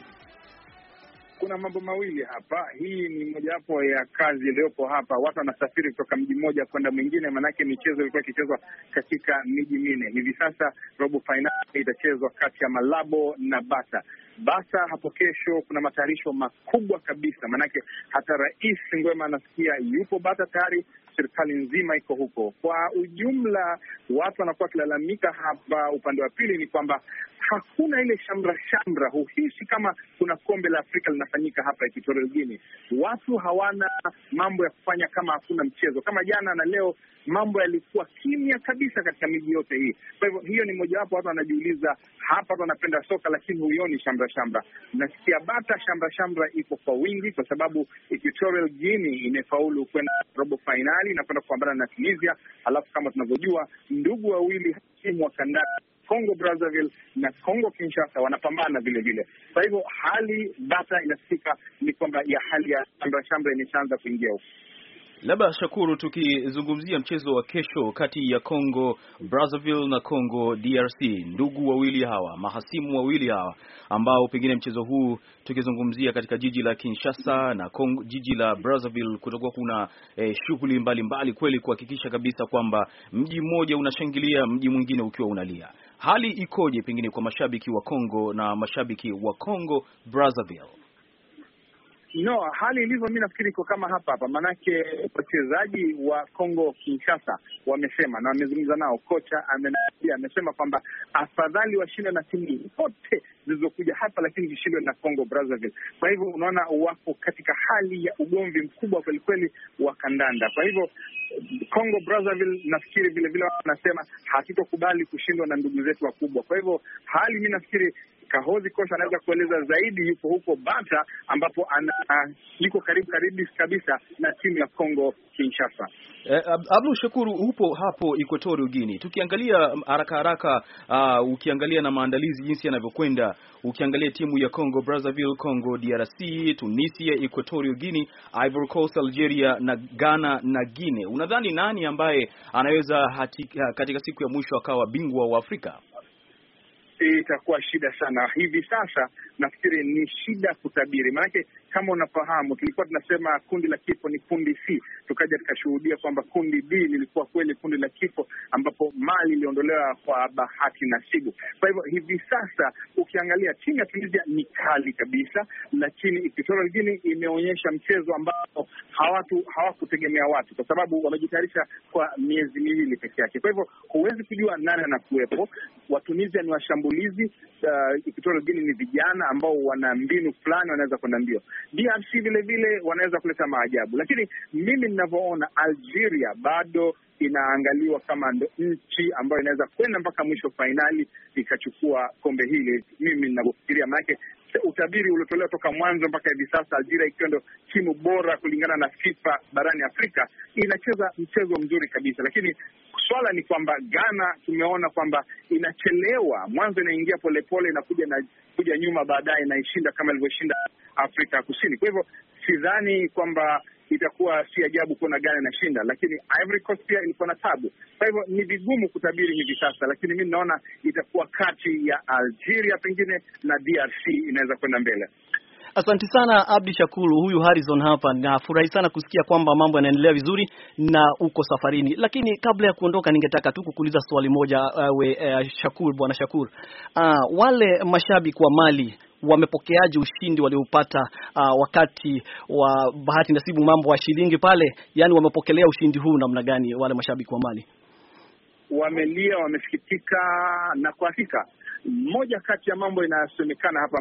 kuna mambo mawili hapa. Hii ni mojawapo ya kazi iliyopo hapa, watu wanasafiri kutoka mji mmoja kwenda mwingine, maanake michezo ilikuwa ikichezwa katika miji minne. Hivi sasa robo fainali itachezwa kati ya Malabo na Bata. Bata hapo kesho kuna matayarisho makubwa kabisa, maanake hata Rais Ngwema anasikia yupo Bata tayari serikali nzima iko huko. Kwa ujumla, watu wanakuwa wakilalamika hapa, upande wa pili ni kwamba hakuna ile shamra shamra, huhisi kama kuna kombe la Afrika linafanyika hapa Equatorial Guinea. Watu hawana mambo ya kufanya kama hakuna mchezo. Kama jana na leo, mambo yalikuwa kimya kabisa katika miji yote hii. Kwa hivyo, hiyo ni mojawapo, watu wanajiuliza hapa, watu wanapenda soka, lakini huioni shamra shamra. Nasikia bata shamra shamra ipo kwa wingi, kwa sababu Equatorial Guinea imefaulu kwenda robo fainali. Mali inakwenda kupambana na Tunisia. Alafu kama tunavyojua, ndugu wawili timu wa kandanda Congo Brazzaville na Congo Kinshasa wanapambana vile vile. Kwa hivyo hali data inasikika ni kwamba ya hali ya shamra shamra imeshaanza kuingia huko. Labda Shakuru, tukizungumzia mchezo wa kesho kati ya Congo Brazzaville na Congo DRC, ndugu wawili hawa, mahasimu wawili hawa, ambao pengine mchezo huu tukizungumzia katika jiji la Kinshasa na Kongo, jiji la Brazzaville, kutakuwa kuna eh, shughuli mbalimbali kweli kuhakikisha kabisa kwamba mji mmoja unashangilia mji mwingine ukiwa unalia. Hali ikoje pengine kwa mashabiki wa Congo na mashabiki wa Congo Brazzaville? No, hali ilivyo mi nafikiri iko kama hapa hapa, maanake wachezaji wa Kongo Kinshasa wamesema na wamezungumza nao, kocha amenambia, amesema kwamba afadhali washindwe na timu zote zilizokuja hapa, lakini zishindwe na congo Brazzaville. Kwa hivyo unaona wako katika hali ya ugomvi mkubwa kwelikweli wa kandanda. Kwa hivyo congo Brazzaville nafikiri vilevile wanasema hatutokubali kushindwa na ndugu zetu wakubwa. Kwa hivyo hali mi nafikiri Kahozi Kosha anaweza kueleza zaidi, yuko huko Bata ambapo ana, yuko karibu karibu kabisa na timu ya Kongo Kinshasa. Eh, Abdul Shakuru hupo hapo Equatorial Guinea. Tukiangalia mm, haraka haraka, uh, ukiangalia na maandalizi jinsi yanavyokwenda, ukiangalia timu ya Congo Brazzaville, Congo DRC, Tunisia, Equatorial Guinea, Ivory Coast, Algeria na Ghana na Guinea, unadhani nani ambaye anaweza hati, ah, katika siku ya mwisho akawa bingwa wa Afrika? itakuwa shida sana. Hivi sasa nafikiri ni shida kutabiri, maanake kama unafahamu, tulikuwa tunasema kundi la kifo ni kundi C, tukaja tukashuhudia kwamba kundi b lilikuwa kweli kundi la kifo, ambapo mali iliondolewa kwa bahati nasibu. Kwa hivyo hivi sasa ukiangalia timu ya Tunisia ni kali kabisa, lakini Equatorial Guinea imeonyesha mchezo ambao hawatu hawakutegemea watu, kwa sababu wamejitayarisha kwa miezi miwili peke yake. Kwa hivyo huwezi kujua nani anakuwepo. Watunisia ni washambulizi, uh, Equatorial Guinea ni vijana ambao wana mbinu fulani, wanaweza kwenda mbio DRC vilevile wanaweza kuleta maajabu, lakini mimi ninavyoona, Algeria bado inaangaliwa kama ndo nchi ambayo inaweza kwenda mpaka mwisho fainali ikachukua kombe hili, mimi ninavyofikiria, maanake utabiri uliotolewa toka mwanzo mpaka hivi sasa, Algeria ikiwa ndio timu bora kulingana na FIFA barani Afrika, inacheza mchezo mzuri kabisa, lakini swala ni kwamba Ghana tumeona kwamba inachelewa, mwanzo inaingia polepole, inakuja na kuja nyuma, baadaye inaishinda kama ilivyoshinda Afrika ya Kusini. Kwa hivyo sidhani kwamba itakuwa si ajabu kuona Ghana inashinda, lakini Ivory Coast pia ilikuwa na tabu. Kwa hivyo ni vigumu kutabiri hivi sasa, lakini mi naona itakuwa kati ya Algeria pengine na DRC inaweza kwenda mbele. Asanti sana Abdi Shakuru. Huyu Harrison hapa, nafurahi sana kusikia kwamba mambo yanaendelea vizuri na uko safarini, lakini kabla ya kuondoka, ningetaka tu kukuuliza swali moja, uh, we, uh, Shakur, bwana Shakur, uh, wale mashabiki wa Mali wamepokeaje ushindi walioupata uh, wakati wa bahati nasibu mambo wa shilingi pale, yani wamepokelea ushindi huu namna gani? Wale mashabiki wa Mali wamelia, wamesikitika na kwa hakika moja kati ya mambo inayosemekana hapa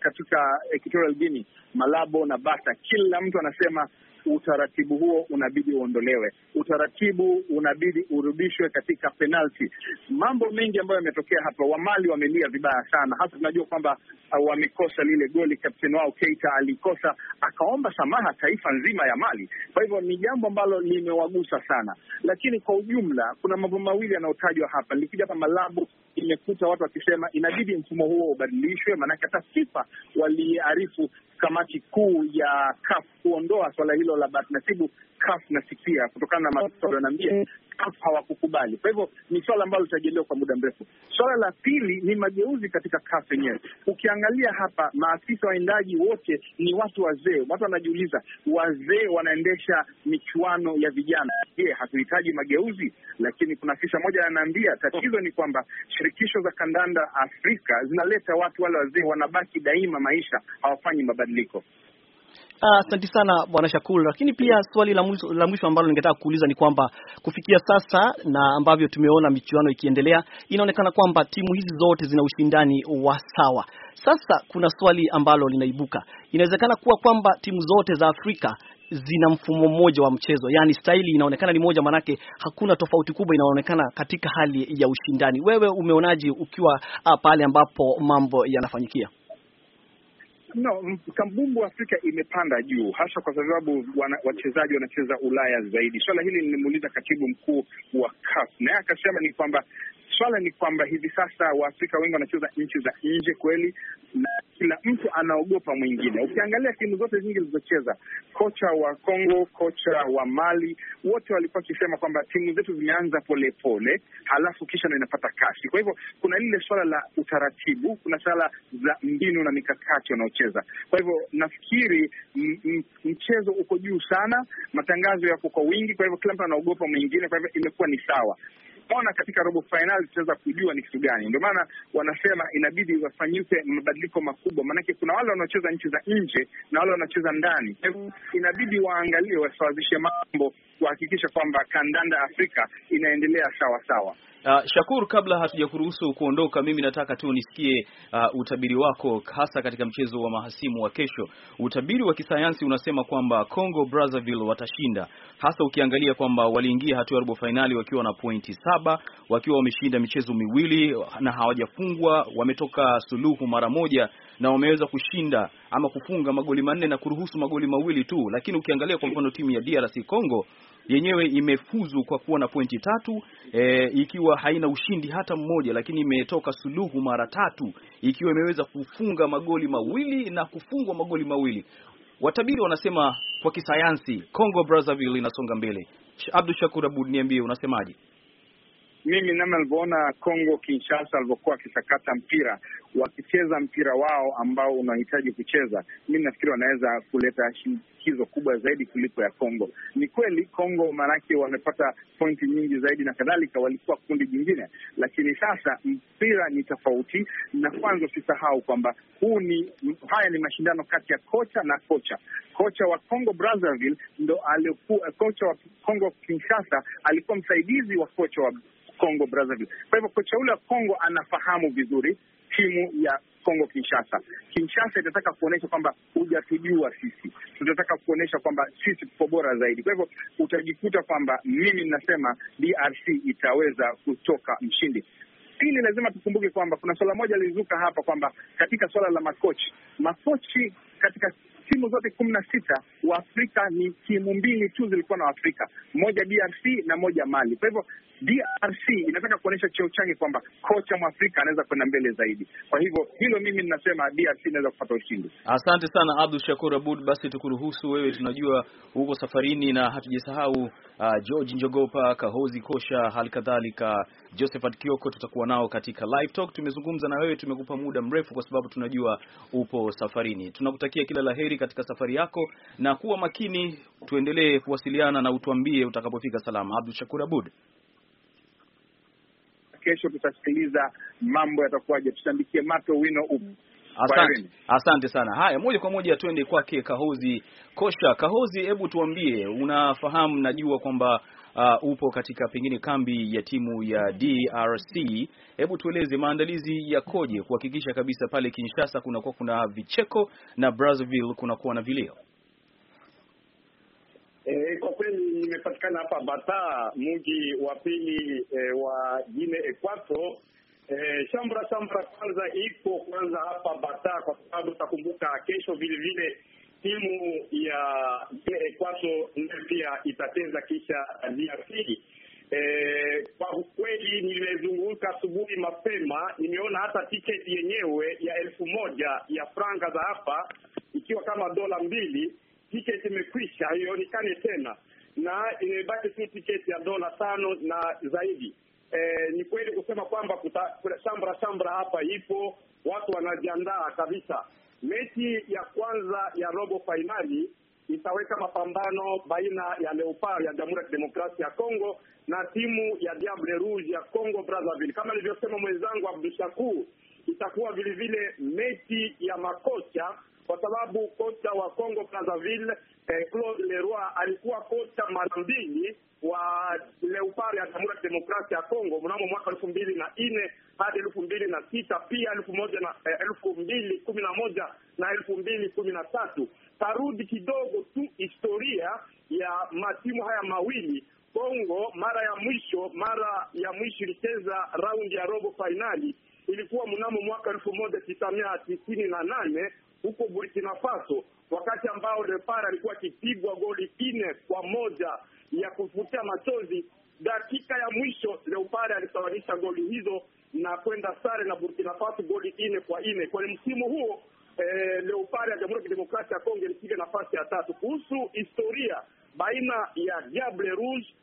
katika Equatorial Guinea, Malabo na Bata, kila mtu anasema utaratibu huo unabidi uondolewe, utaratibu unabidi urudishwe katika penalti. Mambo mengi ambayo yametokea hapa, Wamali wamelia vibaya sana, hasa tunajua kwamba uh, wamekosa lile goli, kapten wao Keita alikosa akaomba samaha taifa nzima ya Mali. Kwa hivyo ni jambo ambalo limewagusa sana, lakini kwa ujumla kuna mambo mawili yanayotajwa hapa. Nilikuja hapa malabu imekuta watu wakisema inabidi mfumo huo ubadilishwe, maanake hata FIFA waliarifu kamati kuu ya CAF kuondoa swala hilo hilo la bahati nasibu, CAF nasikia kutokana na matatizo wanaambia CAF hawakukubali. Kwa hivyo ni swala ambalo litajadiliwa kwa muda mrefu. Swala la pili ni mageuzi katika CAF yenyewe. Ukiangalia hapa, maafisa waendaji wote ni watu wazee. Watu wanajiuliza, wazee wanaendesha michuano ya vijana, je, hatuhitaji mageuzi? Lakini kuna afisa moja anaambia tatizo ni kwamba shirikisho za kandanda Afrika zinaleta watu wale wazee, wanabaki daima maisha, hawafanyi mabadiliko. Ah, Asante sana bwana Shakul, lakini pia swali la mwisho ambalo ningetaka kuuliza ni kwamba kufikia sasa na ambavyo tumeona michuano ikiendelea, inaonekana kwamba timu hizi zote zina ushindani wa sawa. Sasa kuna swali ambalo linaibuka, inawezekana kuwa kwamba timu zote za Afrika zina mfumo mmoja wa mchezo, yaani staili inaonekana ni moja, manake hakuna tofauti kubwa inaonekana katika hali ya ushindani. Wewe umeonaje ukiwa ah, pale ambapo mambo yanafanyikia? No, kambumbu Afrika imepanda juu hasa kwa sababu wana, wachezaji wanacheza Ulaya zaidi. Swala hili nilimuuliza katibu mkuu wa CAF naye akasema ni kwamba Swala ni kwamba hivi sasa Waafrika wengi wanacheza nchi za nje kweli, na kila mtu anaogopa mwingine. Ukiangalia timu zote nyingi zilizocheza, kocha wa Kongo, kocha wa Mali, wote walikuwa wakisema kwamba timu zetu zimeanza polepole, halafu kisha ndo inapata kasi. Kwa hivyo kuna lile swala la utaratibu, kuna swala za mbinu na mikakati wanaocheza. Kwa hivyo nafikiri mchezo uko juu sana, matangazo yako kwa wingi, kwa hivyo kila mtu anaogopa mwingine, kwa hivyo imekuwa ni sawa tutaona katika robo fainali, tutaweza kujua ni kitu gani. Ndio maana wanasema inabidi wafanyike mabadiliko makubwa, maanake kuna wale wanaocheza nchi za nje na wale wanaocheza ndani. inabidi waangalie, wasawazishe mambo, kuhakikisha kwamba kandanda Afrika inaendelea sawa sawa. Uh, Shakur, kabla hatuja kuruhusu kuondoka, mimi nataka tu nisikie uh, utabiri wako hasa katika mchezo wa mahasimu wa kesho. Utabiri wa kisayansi unasema kwamba Congo Brazzaville watashinda, hasa ukiangalia kwamba waliingia hatua robo fainali wakiwa na pointi saba, wakiwa wameshinda michezo miwili na hawajafungwa, wametoka suluhu mara moja na wameweza kushinda ama kufunga magoli manne na kuruhusu magoli mawili tu, lakini ukiangalia kwa mfano timu ya DRC Congo yenyewe imefuzu kwa kuwa na pointi tatu e, ikiwa haina ushindi hata mmoja, lakini imetoka suluhu mara tatu, ikiwa imeweza kufunga magoli mawili na kufungwa magoli mawili. Watabiri wanasema kwa kisayansi Congo Brazzaville inasonga mbele. Abdu Shakur Abud, niambie unasemaje? mimi namna alivyoona Kongo Kinshasa alivyokuwa wakisakata mpira, wakicheza mpira wao ambao unahitaji kucheza, mimi nafikiri wanaweza kuleta shinikizo kubwa zaidi kuliko ya Kongo. Ni kweli Kongo maanake wamepata pointi nyingi zaidi na kadhalika, walikuwa kundi jingine, lakini sasa mpira ni tofauti. Na kwanza usisahau kwamba huu ni haya ni mashindano kati ya kocha na kocha. Kocha wa Kongo Brazzaville ndo alikuwa kocha wa Kongo Kinshasa, alikuwa msaidizi wa kocha wa Congo Brazzaville. Kwa hivyo kocha ule wa Congo anafahamu vizuri timu ya Kongo Kinshasa. Kinshasa itataka kuonyesha kwamba hujatujua sisi, tutataka kuonyesha kwamba sisi tuko bora zaidi. Kwa hivyo utajikuta kwamba mimi ninasema DRC itaweza kutoka mshindi. Pili, lazima tukumbuke kwamba kuna swala moja lilizuka hapa kwamba katika swala la makochi, makochi katika timu zote kumi na sita wa Afrika ni timu mbili tu zilikuwa na Afrika, moja DRC na moja Mali. Kwa hivyo DRC inataka kuonyesha cheo chake kwamba kocha mwafrika anaweza kwenda mbele zaidi. Kwa hivyo hilo mimi ninasema DRC inaweza kupata ushindi. Asante sana Abdul Shakur Abud, basi tukuruhusu wewe, tunajua huko safarini, na hatujasahau uh, George Njogopa, Kahozi Kosha, kadhalika Josephat Kioko, tutakuwa nao katika live talk. Tumezungumza na wewe, tumekupa muda mrefu kwa sababu tunajua upo safarini. Tunakutakia kila laheri katika safari yako na kuwa makini. Tuendelee kuwasiliana na utuambie utakapofika salama. Abdul Shakur Abud kesho tutasikiliza mambo yatakuwaje. Tushambikie mato wino upu. Asante, asante sana. Haya, moja kwa moja tuende kwake Kahozi Kosha. Kahozi, hebu tuambie, unafahamu, najua kwamba uh, upo katika pengine kambi ya timu ya DRC. Hebu tueleze maandalizi yakoje kuhakikisha kabisa pale Kinshasa kunakuwa kuna vicheko na Brazzaville kunakuwa na vileo. E, kwa kweli nimepatikana hapa Bata, mji wa pili e, wa Gine Ekwato. E, eh, shambra shambra kwanza iko kwanza hapa Bata, kwa sababu utakumbuka kesho vile vile timu ya Gine Ekwato nayo pia itacheza kisha DRC. E, kwa kweli nimezunguka asubuhi mapema, nimeona hata tiketi yenyewe ya elfu moja ya franga za hapa ikiwa kama dola mbili tiketi imekwisha, haionekani tena, na imebaki tu tiketi ya dola tano na zaidi. E, ni kweli kusema kwamba shambra shambra hapa ipo, watu wanajiandaa kabisa. Mechi ya kwanza ya robo fainali itaweka mapambano baina ya Leopard ya Jamhuri ya Kidemokrasia ya Kongo na timu ya Diable Rouge ya congo Brazzaville. Kama alivyosema mwenzangu Abdushakur, itakuwa vilevile mechi ya makocha kwa sababu kocha wa Congo Brazzaville eh, Claude Leroy alikuwa kocha mara mbili wa Leopard ya Jamhuri ya Demokrasia ya Kongo mnamo mwaka elfu mbili na nne hadi elfu mbili na sita pia elfu moja na eh, elfu mbili kumi na moja na elfu mbili kumi na tatu Tarudi kidogo tu historia ya matimu haya mawili. Kongo mara ya mwisho mara ya mwisho ilicheza raundi ya robo fainali ilikuwa mnamo mwaka elfu moja tisa mia tisini na nane huko Burkina Faso, wakati ambao Lepara alikuwa akipigwa goli nne kwa moja ya kuvutia machozi. Dakika ya mwisho Leopare alisawanisha goli hizo na kwenda sare na Burkina Faso goli nne kwa nne. Kwenye msimu huo e, eh, Leopare ya Jamhuri ya Kidemokrasia ya Kongo ilipiga nafasi ya tatu. Kuhusu historia baina ya Diable Rouge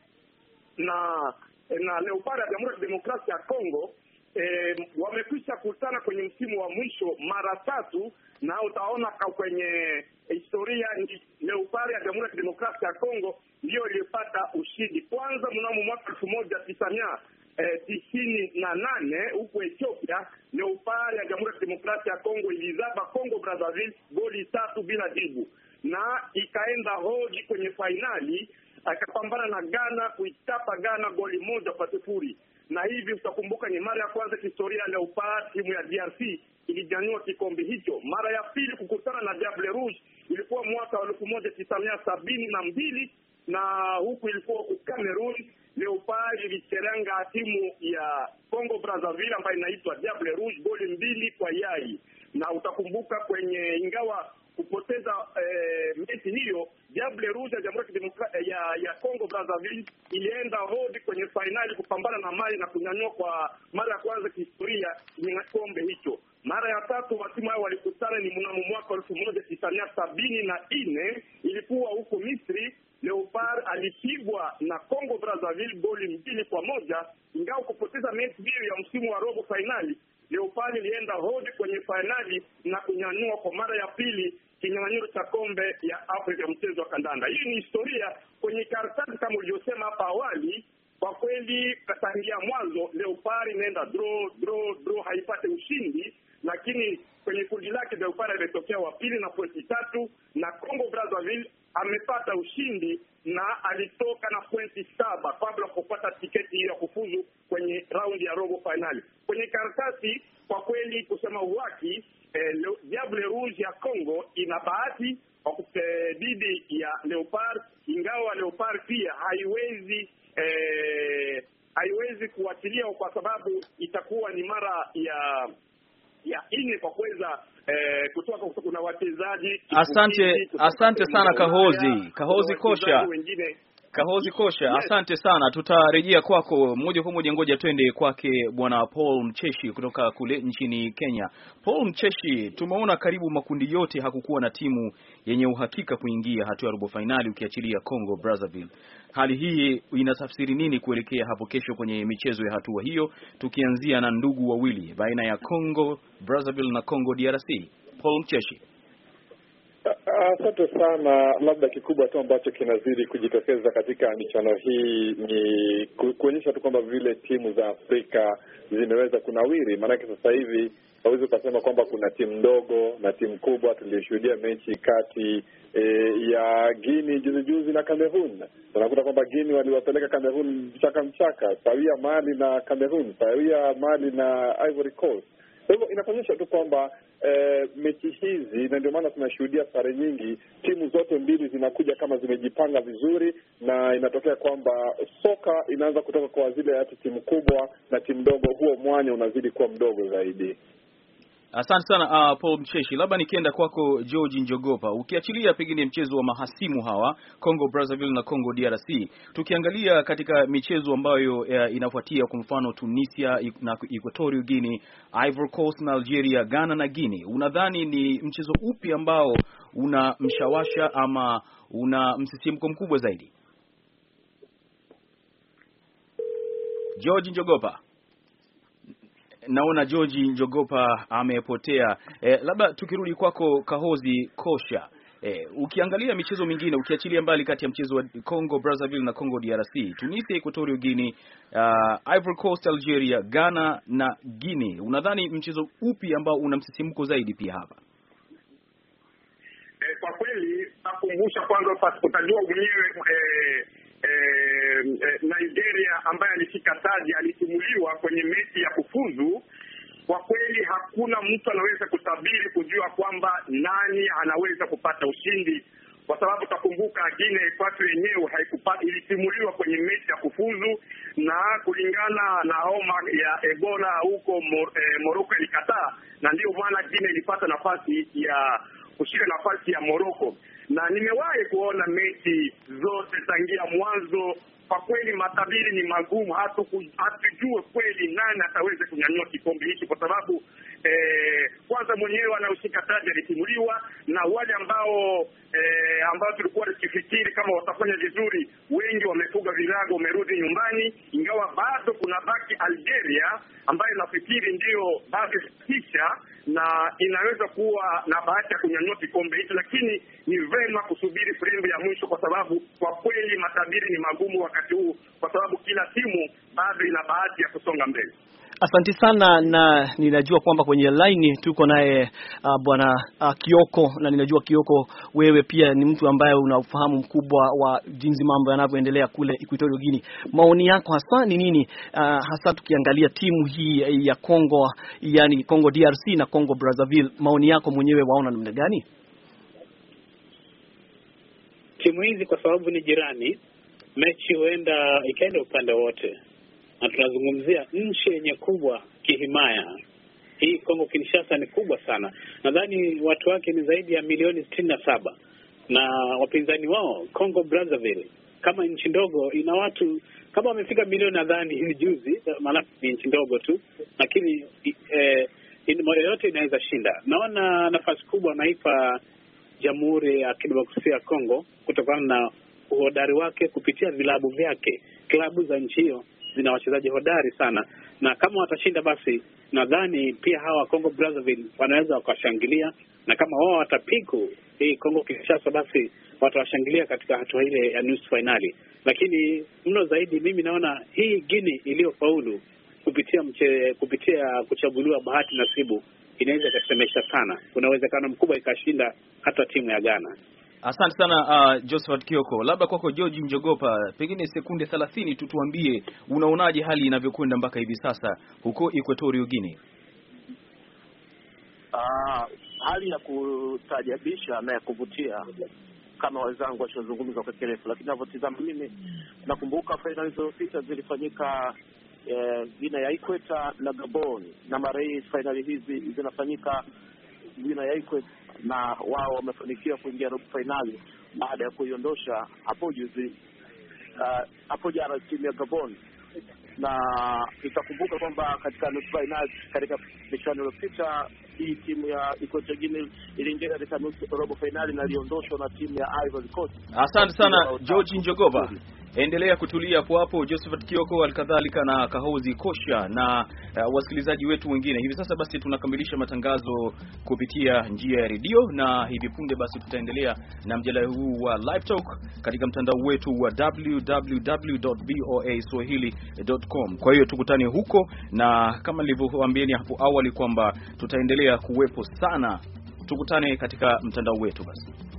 na na Leopare ya Jamhuri ya Kidemokrasia ya Kongo e, wamekwisha kutana kwenye msimu wa mwisho mara tatu na utaona kwenye historia ni Leopard ya Jamhuri ya Kidemokrasia ya Kongo ndiyo iliyopata ushindi kwanza mnamo mwaka elfu moja tisa mia eh, tisini na nane huko Ethiopia. Leopard ya Jamhuri ya Kidemokrasia ya Kongo ilizaba Kongo Brazzaville goli tatu bila jibu na ikaenda hoji kwenye fainali akapambana na Ghana kuitapa Ghana goli moja kwa sifuri. Na hivi utakumbuka ni mara ya kwanza kihistoria Leopard timu ya DRC ilinyanyua kikombe hicho. Mara ya pili kukutana na Diable Rouge ilikuwa mwaka wa elfu moja tisa mia sabini na mbili na huku ilikuwa Cameroon. Leopard ilicheranga timu ya Congo Brazzaville ambayo inaitwa Diable Rouge goli mbili kwa yai, na utakumbuka kwenye ingawa kupoteza eh, mechi hiyo Diable Rouge ya Jamhuri ya eh, ya Congo Brazzaville ilienda hodi kwenye fainali kupambana na Mali na kunyanyua kwa mara ya kwanza kihistoria kombe hicho. Mara ya tatu watimu hao walikutana ni mnamo mwaka elfu moja tisa mia sabini na nne ilikuwa huko Misri. Leopard alipigwa na Congo Brazzaville goli mbili kwa moja ingawa kupoteza mechi hiyo ya msimu wa robo fainali, Leopard ilienda hodi kwenye fainali na kunyanyua kwa mara ya pili kinyang'anyiro cha kombe ya Afrika ya mchezo wa kandanda. Hii ni historia kwenye karatasi kama ulivyosema hapa awali. Kwa kweli, katangia mwanzo Leopard inaenda draw draw draw, haipate ushindi lakini kwenye kundi lake Beupara imetokea wa pili na pointi tatu, na Congo Brazzaville amepata ushindi na alitoka na pointi saba kabla kupata tiketi hiyo ya kufuzu kwenye raundi ya robo fainali. Kwenye karatasi kwa kweli, kusema uwaki, eh, Diable Rouge ya Congo ina bahati dhidi ya Leopard, ingawa Leopard pia haiwezi eh, haiwezi kuwatilia kwa sababu itakuwa ni mara ya ya ini kwa kuweza eh, kutoa kuna wachezaji. Asante, asante sana Kahozi, Kahozi Kosha. Wengine Kahozi Kosha, yes. Asante sana, tutarejea kwako moja kwa moja. Ngoja twende kwake bwana Paul Mcheshi kutoka kule nchini Kenya. Paul Mcheshi, tumeona karibu makundi yote hakukuwa na timu yenye uhakika kuingia hatua ya robo fainali ukiachilia Congo Brazzaville. Hali hii inatafsiri nini kuelekea hapo kesho kwenye michezo ya hatua hiyo, tukianzia na ndugu wawili baina ya Congo Brazzaville na Congo DRC? Paul Mcheshi. Asante sana. Labda kikubwa tu ambacho kinazidi kujitokeza katika michano hii ni kuonyesha tu kwamba vile timu za Afrika zimeweza kunawiri, maanake sasa hivi hawezi ukasema kwamba kuna timu ndogo na timu kubwa. Tulishuhudia mechi kati e, ya Guini juzijuzi na Cameroon, unakuta kwamba Guini waliwapeleka Cameroon mchaka mchaka, sawia Mali na Cameroon, sawia Mali na Ivory Coast kwa hivyo inakuonyesha tu kwamba eh, mechi hizi na ndio maana tunashuhudia sare nyingi, timu zote mbili zinakuja kama zimejipanga vizuri, na inatokea kwamba soka inaanza kutoka kwa zile hati timu kubwa na timu ndogo, huo mwanya unazidi kuwa mdogo zaidi. Asante sana uh, Paul Mcheshi, labda nikienda kwako George Njogopa, ukiachilia pengine mchezo wa mahasimu hawa Congo Brazzaville na Congo DRC, tukiangalia katika michezo ambayo uh, inafuatia kwa mfano Tunisia na Equatorial Guinea, Ivory Coast na Algeria, Ghana na Guinea, unadhani ni mchezo upi ambao una mshawasha ama una msisimko mkubwa zaidi? George Njogopa naona George Njogopa amepotea. E, labda tukirudi kwako Kahozi Kosha. E, ukiangalia michezo mingine ukiachilia mbali kati ya mchezo wa Congo Brazzaville na Congo DRC, Tunisia, Equatorial Guinea, uh, Ivory Coast, Algeria, Ghana na Guinea, unadhani mchezo upi ambao una msisimko zaidi pia hapa? E, kwa kweli nakumbusha kwanza utajua mwenyewe eh, Nigeria ambaye alishika taji alitumuliwa kwenye mechi ya kufuzu. Kwa kweli hakuna mtu anaweza kutabiri kujua kwamba nani anaweza kupata ushindi, kwa sababu utakumbuka Guinea Equatorial yenyewe haikupata, ilitimuliwa kwenye mechi ya kufuzu, na kulingana na homa ya Ebola huko Mor, e, Morocco ilikataa, na ndiyo maana Guinea ilipata nafasi ya kushika nafasi ya Morocco na nimewahi kuona mechi zote tangia mwanzo. Kwa kweli matabiri ni magumu, hatujue kweli nani ataweza kunyanyua kikombe hicho, kwa sababu eh, kwanza mwenyewe wanaoshika taji alitimuliwa na wale ambao eh, ambao tulikuwa tukifikiri kama watafanya vizuri, wengi wamefuga virago, wamerudi nyumbani, ingawa bado kuna baki Algeria ambayo nafikiri ndiyo bado kisha na inaweza kuwa na bahati ya kunyanyua kikombe hicho, lakini ni vema kusubiri frembe ya mwisho, kwa sababu kwa kweli matabiri ni magumu wakati huu, kwa sababu kila timu bado ina bahati ya kusonga mbele. Asanti sana, na ninajua kwamba kwenye laini tuko naye uh, bwana uh, Kioko, na ninajua Kioko, wewe pia ni mtu ambaye una ufahamu mkubwa wa jinsi mambo yanavyoendelea kule Equatorial Guinea. Maoni yako hasa ni nini, uh, hasa tukiangalia timu hii ya Congo, yani Congo DRC na Congo Brazzaville, maoni yako mwenyewe waona namna gani timu hizi, kwa sababu ni jirani, mechi huenda ikaenda upande wote na tunazungumzia nchi yenye kubwa kihimaya. Hii Kongo Kinshasa ni kubwa sana, nadhani watu wake ni zaidi ya milioni sitini na saba na wapinzani wao Congo Brazzaville kama nchi ndogo ina watu kama wamefika milioni nadhani hivi juzi, maana ni nchi ndogo tu, lakini eh, yote inaweza shinda. Naona nafasi kubwa naipa Jamhuri ya Kidemokrasia ya Kongo kutokana na uhodari wake kupitia vilabu vyake, klabu za nchi hiyo zina wachezaji hodari sana, na kama watashinda, basi nadhani pia hawa Congo Brazzaville wanaweza wakawashangilia, na kama wao watapiku hii Congo Kinshasa, basi watawashangilia katika hatua ile ya nusu fainali. Lakini mno zaidi, mimi naona hii guini iliyofaulu kupitia mche, kupitia kuchaguliwa bahati nasibu inaweza ikasemesha sana. Kuna uwezekano mkubwa ikashinda hata timu ya Ghana. Asante sana uh, Josephat Kioko, labda kwako George Njogopa, pengine sekunde 30 tu, tuambie unaonaje hali inavyokwenda mpaka hivi sasa huko Equatorial Guinea? Uh, hali ya kutajabisha na ya kuvutia kama wenzangu washazungumza kwa kirefu, lakini navyotizama mimi nakumbuka fainali zilizopita zilifanyika eh, Guinea ya Equator na Gabon, na mara hii fainali hizi zinafanyika jina ya Ikwe, na wao wamefanikiwa kuingia robo fainali baada ya kuiondosha hapo juzi, uh, hapo uh, jana timu ya Gabon na itakumbuka kwamba katika nusu fainali katika michuano iliyopita hii timu ya Equatorial Guinea iliingia katika nusu robo fainali na iliondoshwa na timu ya Ivory Coast. Asante sana George Njogopa endelea kutulia hapo hapo, Josephat Kioko alikadhalika na Kahozi Kosha na uh, wasikilizaji wetu wengine. Hivi sasa basi tunakamilisha matangazo kupitia njia ya redio, na hivi punde basi tutaendelea na mjadala huu wa Live Talk katika mtandao wetu wa www.voaswahili.com. Kwa hiyo tukutane huko, na kama nilivyowaambieni hapo awali kwamba tutaendelea kuwepo sana. Tukutane katika mtandao wetu basi.